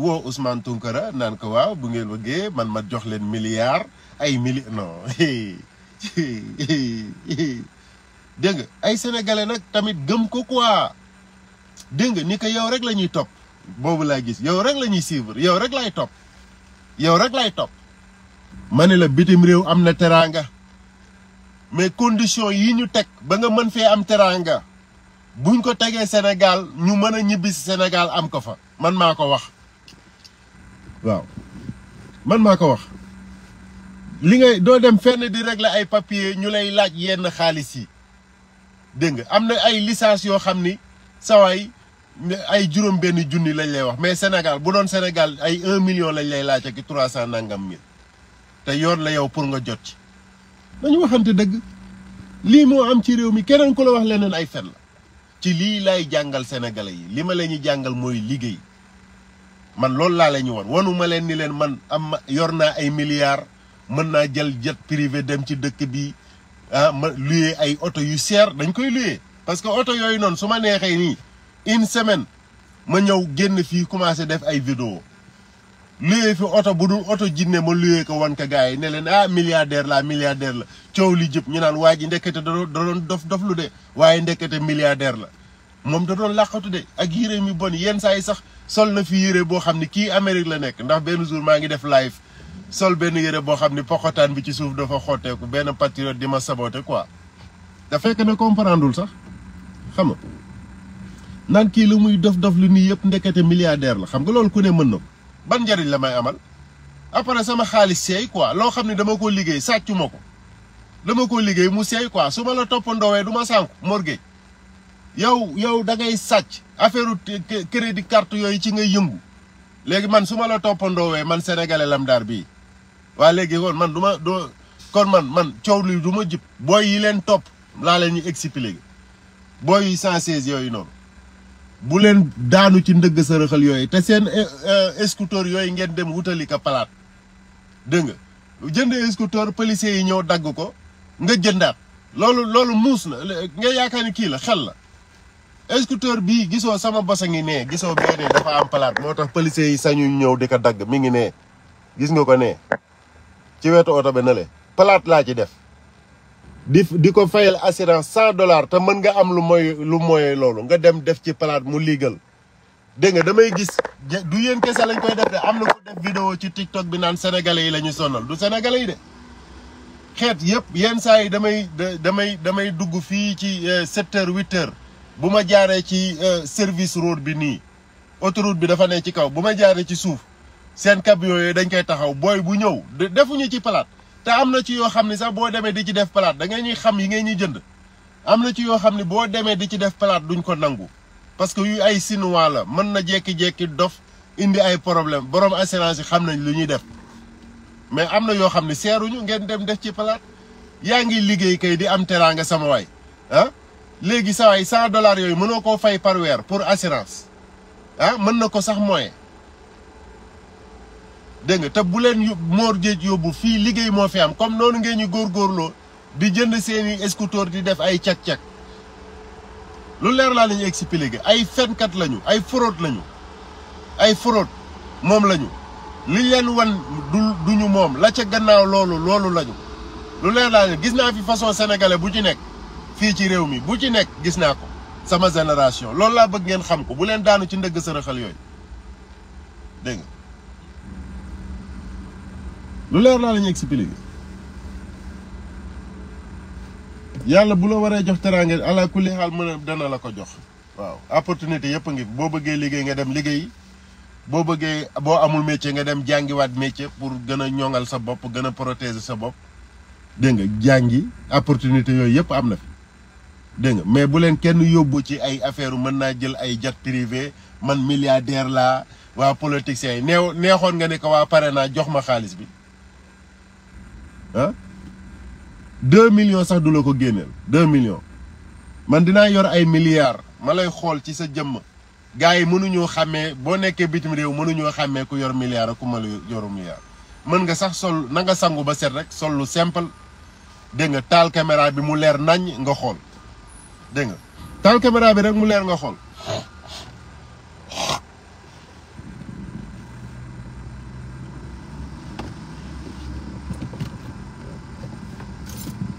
woo Ousmane Tounkara naan ko waaw bu ngeen bëggee man ma jox leen milliard ay mili non dégg ay sénégalais nag tamit gëm ko quoi dégg nga ni ko yow rek la ñuy topp boobu laa gis yow rek la ñuy suivre yow rek lay topp yow rek lay topp ma ne la bitim réew am na teraanga mais condition yi ñu teg ba nga mën fee am teraanga buñ ko tégué Sénégal ñu mëna ñibbi ci Sénégal am ko fa man mako wax waaw man mako wax li ngay do dem fenn di régler ay papier ñu lay laaj yenn xaaliss yi amna ay licence yo xamni ni sawaay ay juróom benn junni lañ lay wax mais Sénégal bu doon Sénégal ay 1 million lañ lay laaj ak 300 nangam mille té yoon la yow pour nga jot ci dañu waxante deug li mo am ci réew mi kenen ko la wax lenen ay fenn la ci lii laay jàngal sénégalais yi li ma leen ñu jàngal mooy liggéey man loolu laa leen ñu woon wanu ma leen ni leen man am yor naa ay milliards mën naa jël jet privé dem ci dëkk bi ah ma luyee ay oto yu seer dañ koy luyee parce que oto yooyu noonu su ma neexee nii une semaine ma ñëw génn fii commencé def ay vidéo luyee fi oto bu dul oto jinne ma luyee ko wan ko yi ne leen ah milliardaire la milliardaire la coow li jëpp ñu naan waa ji ndekete da doon dof dof lu de waaye ndekete milliardaire la moom da doon làqatu de ak yére mi bon yenn saa yi sax sol na fi yére boo xam ni kii Amérique la nekk ndax benn jour maa ngi def live sol benn yére boo xam ni poxotaan bi ci suuf dafa xotteeku benn patriote di ma saboté quoi. da fekk ne comprendreul sax xam nga naan kii lu muy dof dof lu nii yëpp ndekete milliardaire la xam nga loolu ku ne mën na ko ban njëriñ la may amal après sama xaalis seey quoi loo xam ne dama ko liggéey sàccu ko. dama ko liggéey mu seey quoi su ma la toppandoowee du ma sanku morgue yow yow da ngay sàcc affaire crédit kart yooyu ci ngay yëngu léegi man su ma la toppandoowee man sénégalais lam daar bii waa léegi kon man du doo kon man man coow li duma ma jib booy yi leen topp laa leen ñu expliqué booy yi 116 yooyu noonu bu leen daanu ci ndëgg sërëxal yooyu te seen eh, eh, escouteur yooyu ngeen dem wutali ka palaat dégg nga jënd escouteur policiers yi ñëw dagg ko nga jën jëndaat loolu loolu muus la nga yaakaar ni kii la xel la scooter bii gisoo sama a ngi nee gisoo bee dafa am palaat moo tax policiers yi sañu ñëw di ko dagg mi ngi nee gis nga ko nee ci wetu oto be ne le palaat laa ci def di di ko fayal assurance cent dollars te mën nga am lu mooy lu mooy loolu nga dem def ci palaat mu liigal dégg nga damay gis du yéen kese lañ koy def de am na ko def vidéo ci TikTok bi naan sénégalais yi la ñuy sonal du sénégalais yi de xeet yëpp yenn saa yi damay damay damay dugg fii ci euh, sept heures huit bu ma jaaree ci euh, service road bi nii autoroute bi dafa ne ci kaw bu ma jaaree ci suuf seen camion yooyu dañ koy taxaw booy bu ñëw defuñu ci palaat te am na ci yoo xam ne sax boo demee di ci def palaat da ngay ñuy xam yi ngay ñuy jënd am na ci yoo xam ne boo demee di ci def palaat duñ ko nangu parce que yu ay sinuwaa la mën na jékki-jékki dof indi ay problème borom assurance yi xam nañ lu ñuy def mais am yo xamni séruñu ngeen dem def ci palaat yaa ngi liggéey kay di am teranga sama way, ah légui sa way 100 dollars yoy mëno ko fay par wèr pour assurance ah mën na ko sax moyen deug nga te bu leen moor yo yóbbu fi liggéey mo fi am comme nonu ngeen ñu lo di jënd seeni escouteur di def ay tiak tiak lu leer la lañu expliquer ay fenkat lañu ay fraude lañu ay fraude mom lañu li leen wan du duñu moom la ca gannaaw loolu loolu lañu lu leer laa leen gis naa fi façon sénégalais bu ci nekk fii ci réew mi bu ci nekk gis naa ko sama génération loolu laa bëgg ngeen xam ko bu leen daanu ci ndëgg sërëxal yooyu dégg nga lu leer laa lañu expliqué yàlla bu la waree jox teraange ala kulli xaal mën a dana la ko jox waaw opportunité yëpp ngi boo bëggee liggéey nga dem liggéey boo bëggee boo amul métier nga dem jàngiwaat métier pour gën a ñoŋal sa bopp gën a protéger sa bopp dégg nga jàngi opportunité yooyu yëpp am na fi dégg nga mais bu leen kenn yóbbu ci ay affaire mën naa jël ay jet privé man milliardaire laa waa politiciens yi neexoon nga ne ko waa pare naa jox ma xaalis bi ah deux millions sax du la ko génneel deux millions man dinaa yor ay milliards ma lay xool ci sa jëmm gars yi mënuñoo xàmmee boo nekkee bitim réew mënuñoo xàmmee ku yor milliard ak ku mal yoru milliard mën nga sax sol na nga sangu ba set rek sol lu simple dégg nga taal caméra bi mu leer nañ nga xool dégg nga taal caméra bi rek mu leer nga xool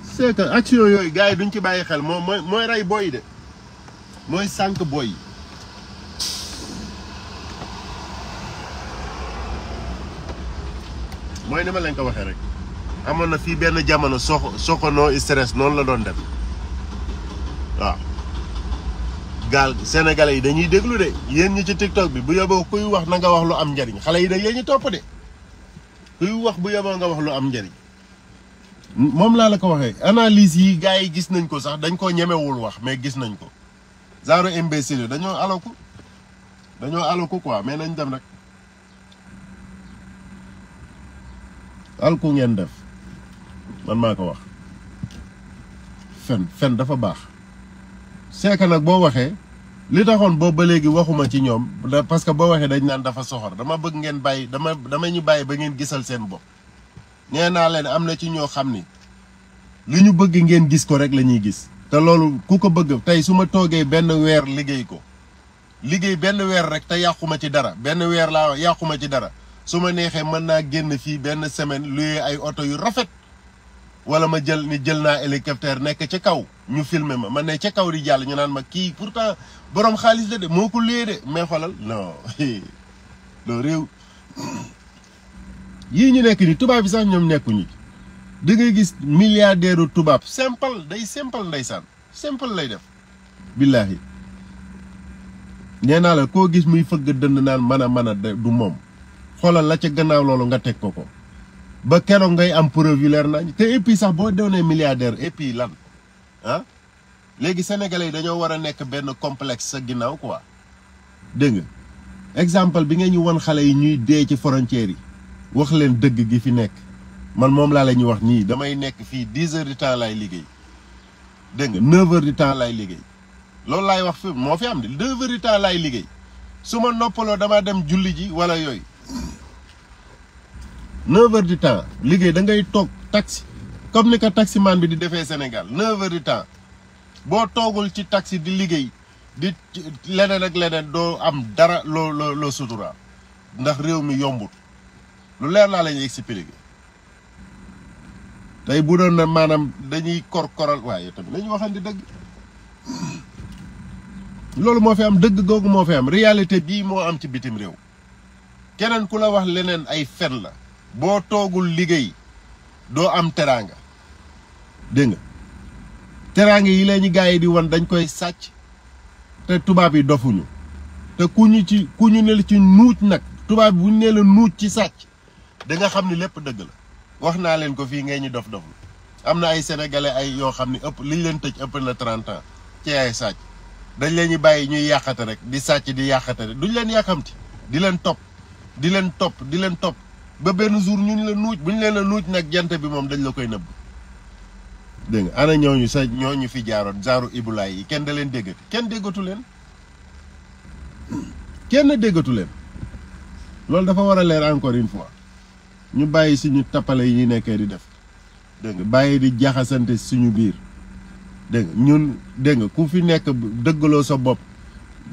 c'est que action yooyu gars yi duñ ci bàyyi xel moom mooy mooy rey boy de mooy sànq boy mooy ni ma leen ko waxee rek amoon na fii benn jamono soxo soxonoo stress noonu la doon def waaw gaal sénégalais yi dañuy déglu de yéen ñu ci tiktok bi bu yoboo kuy wax na nga wax lu am njariñ xale yi da yéen ñu topp de kuy wax bu yoboo nga wax lu am njariñ moom laa la ko waxee analyse yi gars yi gis nañ ko sax dañ ko ñemewul wax mais gis nañ ko genre imbécile dañoo aloku dañoo aloku quoi mais nañ dem rek alku ngeen def man maa ko wax fen fen dafa baax seeka nag boo waxee li taxoon boobu ba léegi waxuma ci ñoom parce que boo waxee dañ naan dafa soxor dama bëgg ngeen bàyyi dama dama ñu bàyyi ba ngeen gisal seen bopp nee naa leen am na ci ñoo xam ni li ñu bëgg ngeen gis ko rek la ñuy gis te loolu ku ko bëgg tey su ma toogee benn weer liggéey ko liggéey benn weer rek te yàquma ci dara benn weer laa yàquma ci dara su ma neexee mën naa génn fii benn semaine luy ay oto yu rafet wala ma jël ni jël naa hélicoptère nekk ca kaw ñu filmer ma mën ne ca kaw di jàll ñu naan ma kii pourtant borom xaalis la de moo ko luyee de mais xoolal non réew yii ñu nekk ni tubaab yi sax ñoom nekkuñu da ngay gis milliardaire tubaab simple day simple ndeysaan simple lay def billaahi nee naa la koo gis muy fëgg dënd naan mën a mën a du moom xoolal la ca gannaaw loolu nga teg ko ko ba keroog ngay am preuve yu leer nañ te et puis sax boo doonee milliardaire et puis lan léegi sénégalais yi dañoo war a nekk benn complexe sa ginnaaw quoi dégg nga exemple bi nga ñu won xale yi ñuy dee ci frontières yi wax leen dëgg gi fi nekk man moom laa la ñuy wax nii damay nekk fii dix heures du temps laay liggéey dégg nga neuf heures du laay liggéey loolu laay wax fi moo fi am de neuf heures du liggéey su ma noppaloo dama dem julli ji wala yooyu neuf heures temps liggéey dangay ngay toog taxi comme ni ko taximan bi di defee senegal neuf heures temps boo toogul ci taxi di liggéey di leneen ak leneen doo am dara loo loo loo ndax réew mi yombut lu leer laa la ñuy expliquer tey bu doon na maanaam dañuy korkoral waaye tamit la ñu waxandi dëgg loolu moo fi am dëgg googu moo fi am réalité bii moo am ci bitim réew. keneen ku la wax leneen ay fen la boo toogul liggéey doo am teraanga dégg nga teraanga yi leen ñu di wan dañ koy sàcc te tubaab yi dofuñu te ku ñu ci ku ñu ne ci nuuc nag tubaab bu ñu nee la nuuc ci sàcc da nga xam ni lépp dëgg la wax naa leen ko fii ngay ñu dof doful am na ay sénégalais ay yoo xam ne ëpp liñ leen tëj ëpp na 30 ans ci ay sàcc dañ leen ñu bàyyi ñuy yàqate rek di sàcc di yàqate rek duñ leen yàkkamti di leen topp di leen topp di leen topp ba benn jour ñu ñu la nuuj bu ñu leen la nuuj nag jant bi moom dañ la koy nëbb dégg nga ana ñooñu sa ñu fi jaaroon jaaru ibulaay yi kenn da leen déggati kenn déggatu leen kenn déggatu leen loolu dafa war a leer encore une fois ñu bàyyi suñu tappale yi ñuy nekkee di def dégg nga bàyyi di jaxasante suñu biir dégg nga ñun dégg nga ku fi nekk dëggaloo sa bopp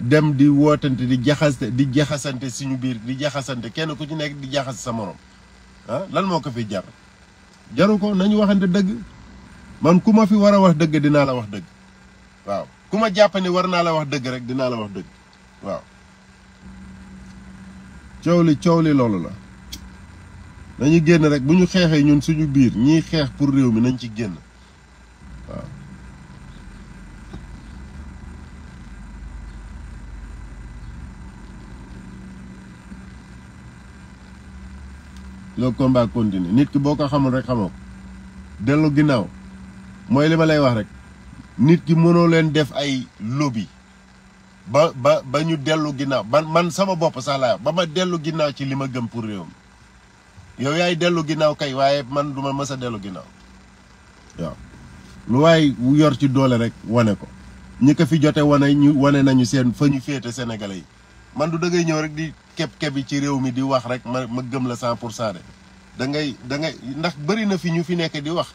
dem di wootante di jaxase di jaxasante suñu biir di jaxasante kenn ku ci nekk di jaxas sa morom ah, lan moo ko fi jar jaru ko nañu waxante dëgg man ku ma fi war a wax dëgg dinaa la wax dëgg waaw ku ma jàpp ni war naa la wax dëgg rek dinaa la wax dëgg waaw coow li coow li loolu la nañu génn rek bu ñu xeexee ñun suñu biir ñiy xeex pour réew mi nañ ci génn waaw le combat continue nit ki boo ko xamul rek xamoo ko dellu ginnaaw mooy li ma lay wax rek nit ki mënoo leen def ay lobby ba ba ba ñu dellu ginnaaw man man sama bopp sax ba ma dellu ginnaaw ci li ma gëm pour réew mi yow yaay dellu ginnaaw kay waaye man duma mës a dellu ginnaaw waaw lu waay yor ci doole rek wane ko ñi ko fi jote wane ñu wane nañu seen fa ñu féete sénégalais yi man du da ñëw rek di keb-keb yi ci réew mi di wax rek ma ma gëm la cent pour cent de da ngay da ngay ndax bëri na fi ñu fi nekk di wax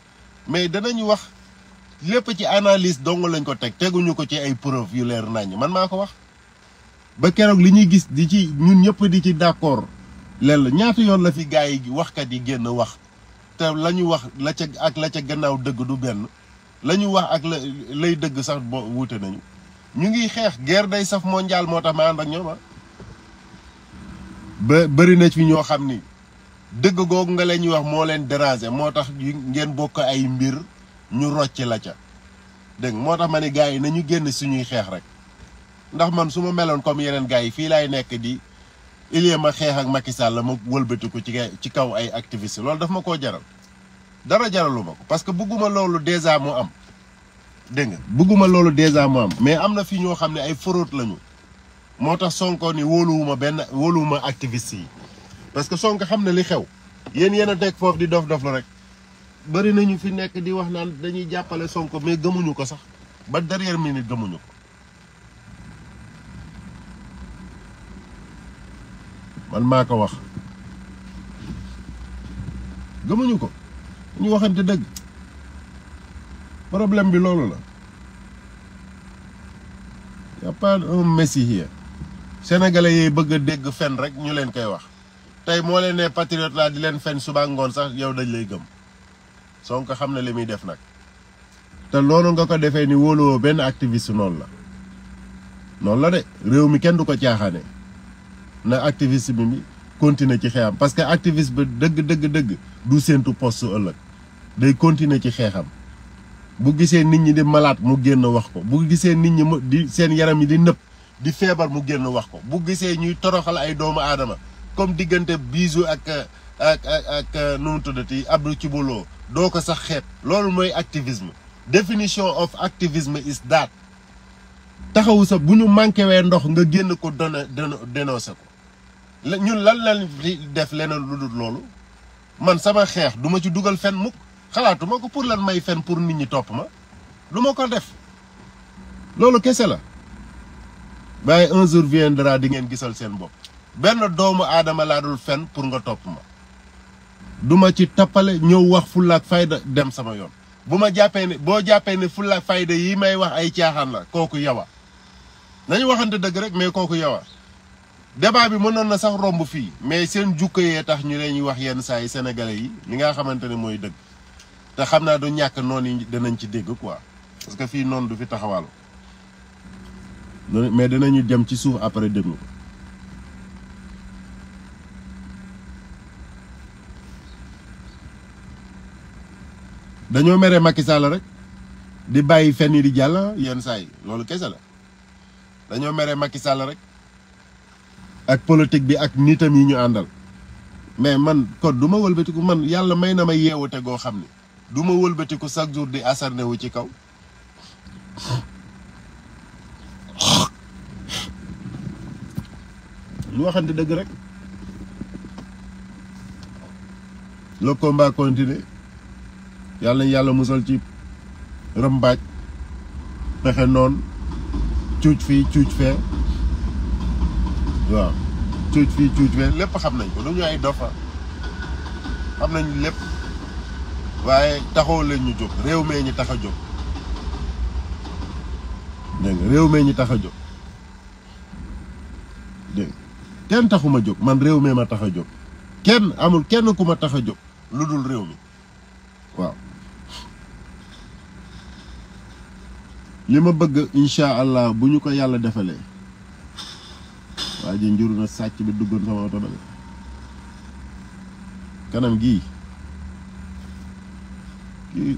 mais danañu wax lépp ci analise dong lañ ko teg teguñu ko ci ay preuve yu leer naññ man maa ko wax ba keroog li ñuy gis di ci ñun ñëpp di ci d'accord leen la ñaata yoon la fi gars yi waxkat yi génn wax te la ñu wax la ca ak la ca gannaaw dëgg du benn la ñu wax ak la lay dëgg sax bo wuute nañu ñu ngi xeex guerre day saf mondial moo tax ma ànd ak ñoom ah. ba bëri na ci ñoo xam ni dëgg googu nga leen ñuy wax moo leen déranger moo tax ngeen bokk ay mbir ñu rocc la ca dégg moo tax ma ne gars yi nañu génn suñuy xeex rek ndax man su ma meloon comme yeneen gars yi fii laay nekk di ilie ma xeex ak Macky Sall la ma wëlbatiku ci ci kaw ay activiste loolu daf ma ko jaral dara jaralu ma ko parce que bugguma loolu déjà moo am dégg nga bëgguma loolu dèjà mu am mais am na fi ñoo xam ne ay fraude lañu moo tax Sonko ni wóoluwuma benn wóoluwuma activiste yi parce que Sonko xam ne li xew yéen yéen a nekk foofu di dof dof la rek bëri ñu fi nekk di wax naan dañuy jàppale Sonko mais gëmuñu ko sax ba derrière mi ni gëmuñu ko man maa ko wax gëmuñu ko ñu waxante dëgg problème bi lolou la y a pas oh, un messi here sénégalais yi bëgg dégg fenn rek ñu leen koy wax tay mo leen né patriote la di leen fenn suba ngone sax yow dañ lay gëm Sonko xam na li def nak té lolou nga ko défé ni wolo ben activiste non la non la de réew mi kenn du ko caaxaane na activiste bi mi continuer ci xéxam parce que activiste bi dëgg dëgg dëgg du sentu poste ëlëk day continuer ci xéxam bu gisee nit ñi di malaat mu génn wax ko bu gisee nit ñi mu di seen yaram yi di nëb di feebar mu génn wax ko bu gisee ñuy toroxal ay doomu aadama comme diggante biisu ak ak ak ak euh, nu mu tuddati Abdou Ciboloo doo ko sax xeet loolu mooy activisme definition of activism is that taxawu sa bu ñu manqué wee ndox nga génn ko dona dénoncé ko ñun lan lan def leneen lu dul loolu man sama xeex duma ci dugal fen mukk xalaatuma ko pour lan may fen pour nit ñi topp ma lu ma ko def loolu kese la waaye un jour viendra di ngeen gisal seen bopp benn doomu aadama laa dul fen pour nga topp ma duma ci tappale ñëw wax fullaak fayda dem sama yoon bu ma jàppee ne boo jàppee ne fullaak fayda yi may wax ay caaxaan la kooku yawa nañu waxante dëgg rek mais kooku yawa débat bi mënoon na sax romb fii mais seen jukka yee tax ñu leen ñuy wax yenn saa yi sénégalais yi li nga xamante ne mooy dëgg te xam naa du ñàkk noonu yi danañ ci dégg quoi parce que fii noonu du fi taxawaalu mais dinañu jëm ci suuf après déglu ko dañoo mere Macky Sall rek di bàyyi fen fenn di jàll yenn saa loolu kese la dañoo mere Macky Sall rek ak politique bi ak nitam yi ñu àndal mais man kon du ma wëlbatiku man yàlla may na ma yeewute goo xam ni du ma wëlbatiku chaque jour di asarne wu ci kaw ñu waxante dëgg rek le yàlla yàlla musal ci rëmbaaj pexe noon cuuc fi cuuc fee waaw cuuc fii cuuc fee lépp xam nañ ko dañu ay dofa ah. xam nañ lépp waaye taxoo la ñu jóg réew mee ñu tax a jóg dégg nga réew mee ñu tax a jóg dégg kenn taxuma jóg man réew mee ma tax a jóg kenn amul kenn ku ma tax a jóg lu dul réew mi waaw li ma bëgg incha allah bu ñu ko yàlla defalee waa ji njuru na sàcc bi duggoon sama oto ba kanam gii kii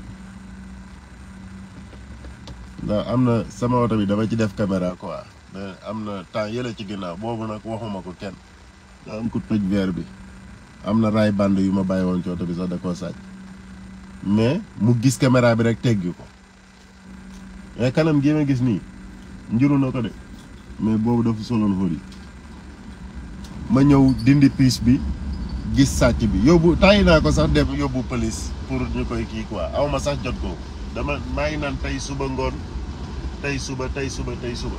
ndax am na sama oto bi dama ci def caméra quoi mais am na temps yële ci ginnaaw boobu nag waxuma ko kenn da am ku tëj verre bi am na raay band yu ma bàyyi woon ci oto bi sax da koo sàcc mais mu gis caméra bi rek teggi ko mais kanam gi gis nii njuru na ko de mais boobu dafa soloon xool yi ma ñëw dindi piis bi gis sàcc bi yóbbu tàyyi naa ko sax dem yóbbu police pour ñu koy kii quoi awma ma sax jot ko dama maa ngi naan tey suba ngoon tey suba tey suba tey suba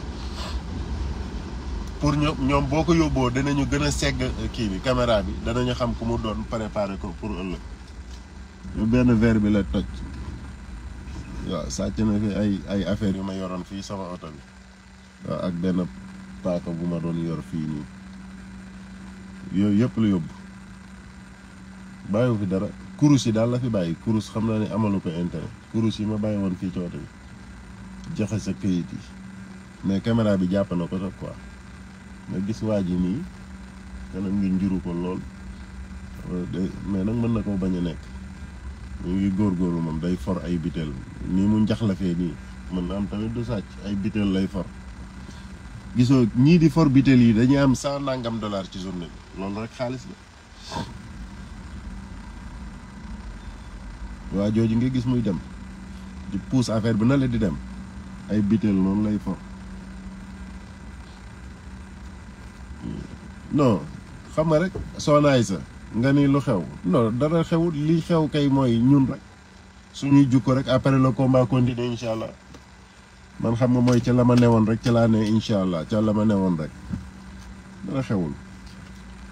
pour ñoom ñoom boo ko yóbboo danañu gën a segg kii bi caméra bi danañu xam ku mu doon préparer ko pour ëllëg benn verre bi la toj waaw sàcc na fi ay ay affaires yu ma yoroon fii sama oto bi ak benn paaka bu ma doon yor fii nii yooyu yëpp la yóbbu bàyyiwu fi dara kurus yi daal la fi bàyyi kurus xam naa ne amalu ko intérêt kurus yi ma bàyyi woon fii cooto bi joxe sa këyit yi mais caméra bi jàpp na ko sax quoi nga gis waa ji nii kanam ngi njuru ko lool mais nag mën na koo bañ a nekk ñu ngi góorgóorlu moom day for ay biteel nii mu njaxlafee nii mën na am tamit du sàcc ay biteel lay for gisoo ñii di for biteel yi dañuy am cent nangam dollar ci journée bi loolu rek xaalis la waa jooju nga gis muy dem di affaire bi na la di dem ay biteel moom lay fo non xam nga rek soonaay sa nga ni lu xew non dara xewut li xew kay mooy ñun rek suñuy jukko rek après le combat continue incha allah man xam nga mooy ca la ma newoon rek ca laa ne incha allah ca la ma newoon rek dara xewul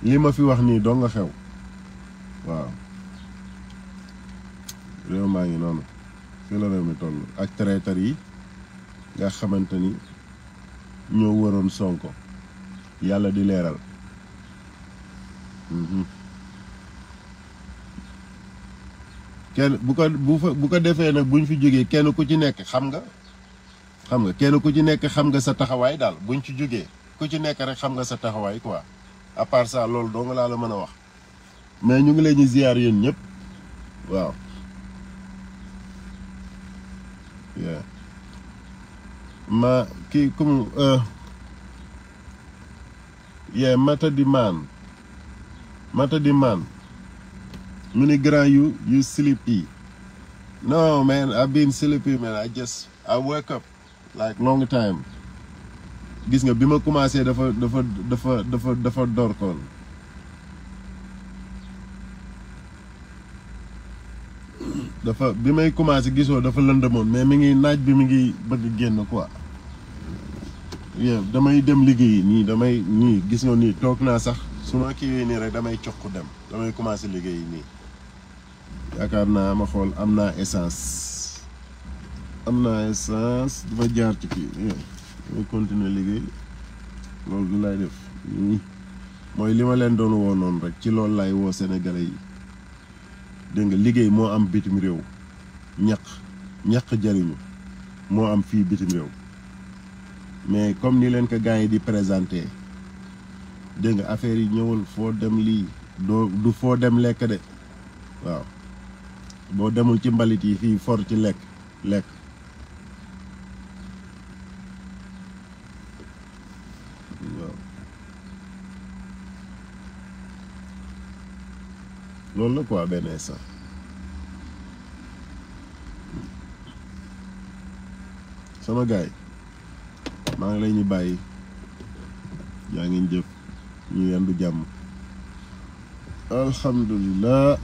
li ma fi wax nii doo nga xew waaw réew maa ngi noonu fii la réew mi toll ak traître yi nga xamante ni ñoo waroon Sonko yàlla di leeral mhm. kenn bu ko bu fa bu ko defee nag buñ fi jógee kenn ku ci nekk xam nga xam nga kenn ku ci nekk xam nga sa taxawaay daal buñ ci jógee ku ci nekk rek xam nga sa taxawaay quoi à part loolu doo nga laa la mën a wax mais ñu ngi leen ñu ziar yéen ñëpp waaw yeah. ma kum, comme uh, yeah di man di man mini grand you you sleepy no man I've been sleepy man I just I wake up like long time gis nga bima ma commencé dafa dafa dafa dafa dafa dorkoon dafa bi may commencé gisoo dafa lëndëmoon mais mi ngi naaj bi mu ngi bëgg génn quoi yow damay dem liggéeyi nii damay nii gis nga nii toog naa sax su ma kiiwee nii rek damay coq dem damay commencé liggéeyi nii yaakaar naa ma xool am naa essence am naa essence dafa jaar ci kii damay continuer liggéey loolu du lay def nii mooy li ma leen doon woo noonu rek ci loolu laay woo Sénégalais yi dégg nga liggéey moo am bitim réew ñaq ñaq jariñu moo am fii bitim réew mais comme ni leen ko gars yi di présenter dégg nga affaire yi ñëwul foo dem lii doo du foo dem lekk de waaw boo demul ci mbalit yi fii for ci lekk lekk loolu la quoi benn instant sama gaay maa ngi lay ñu bàyyi yaa ngeen jëf ñu yendu jàmm alhamdulilah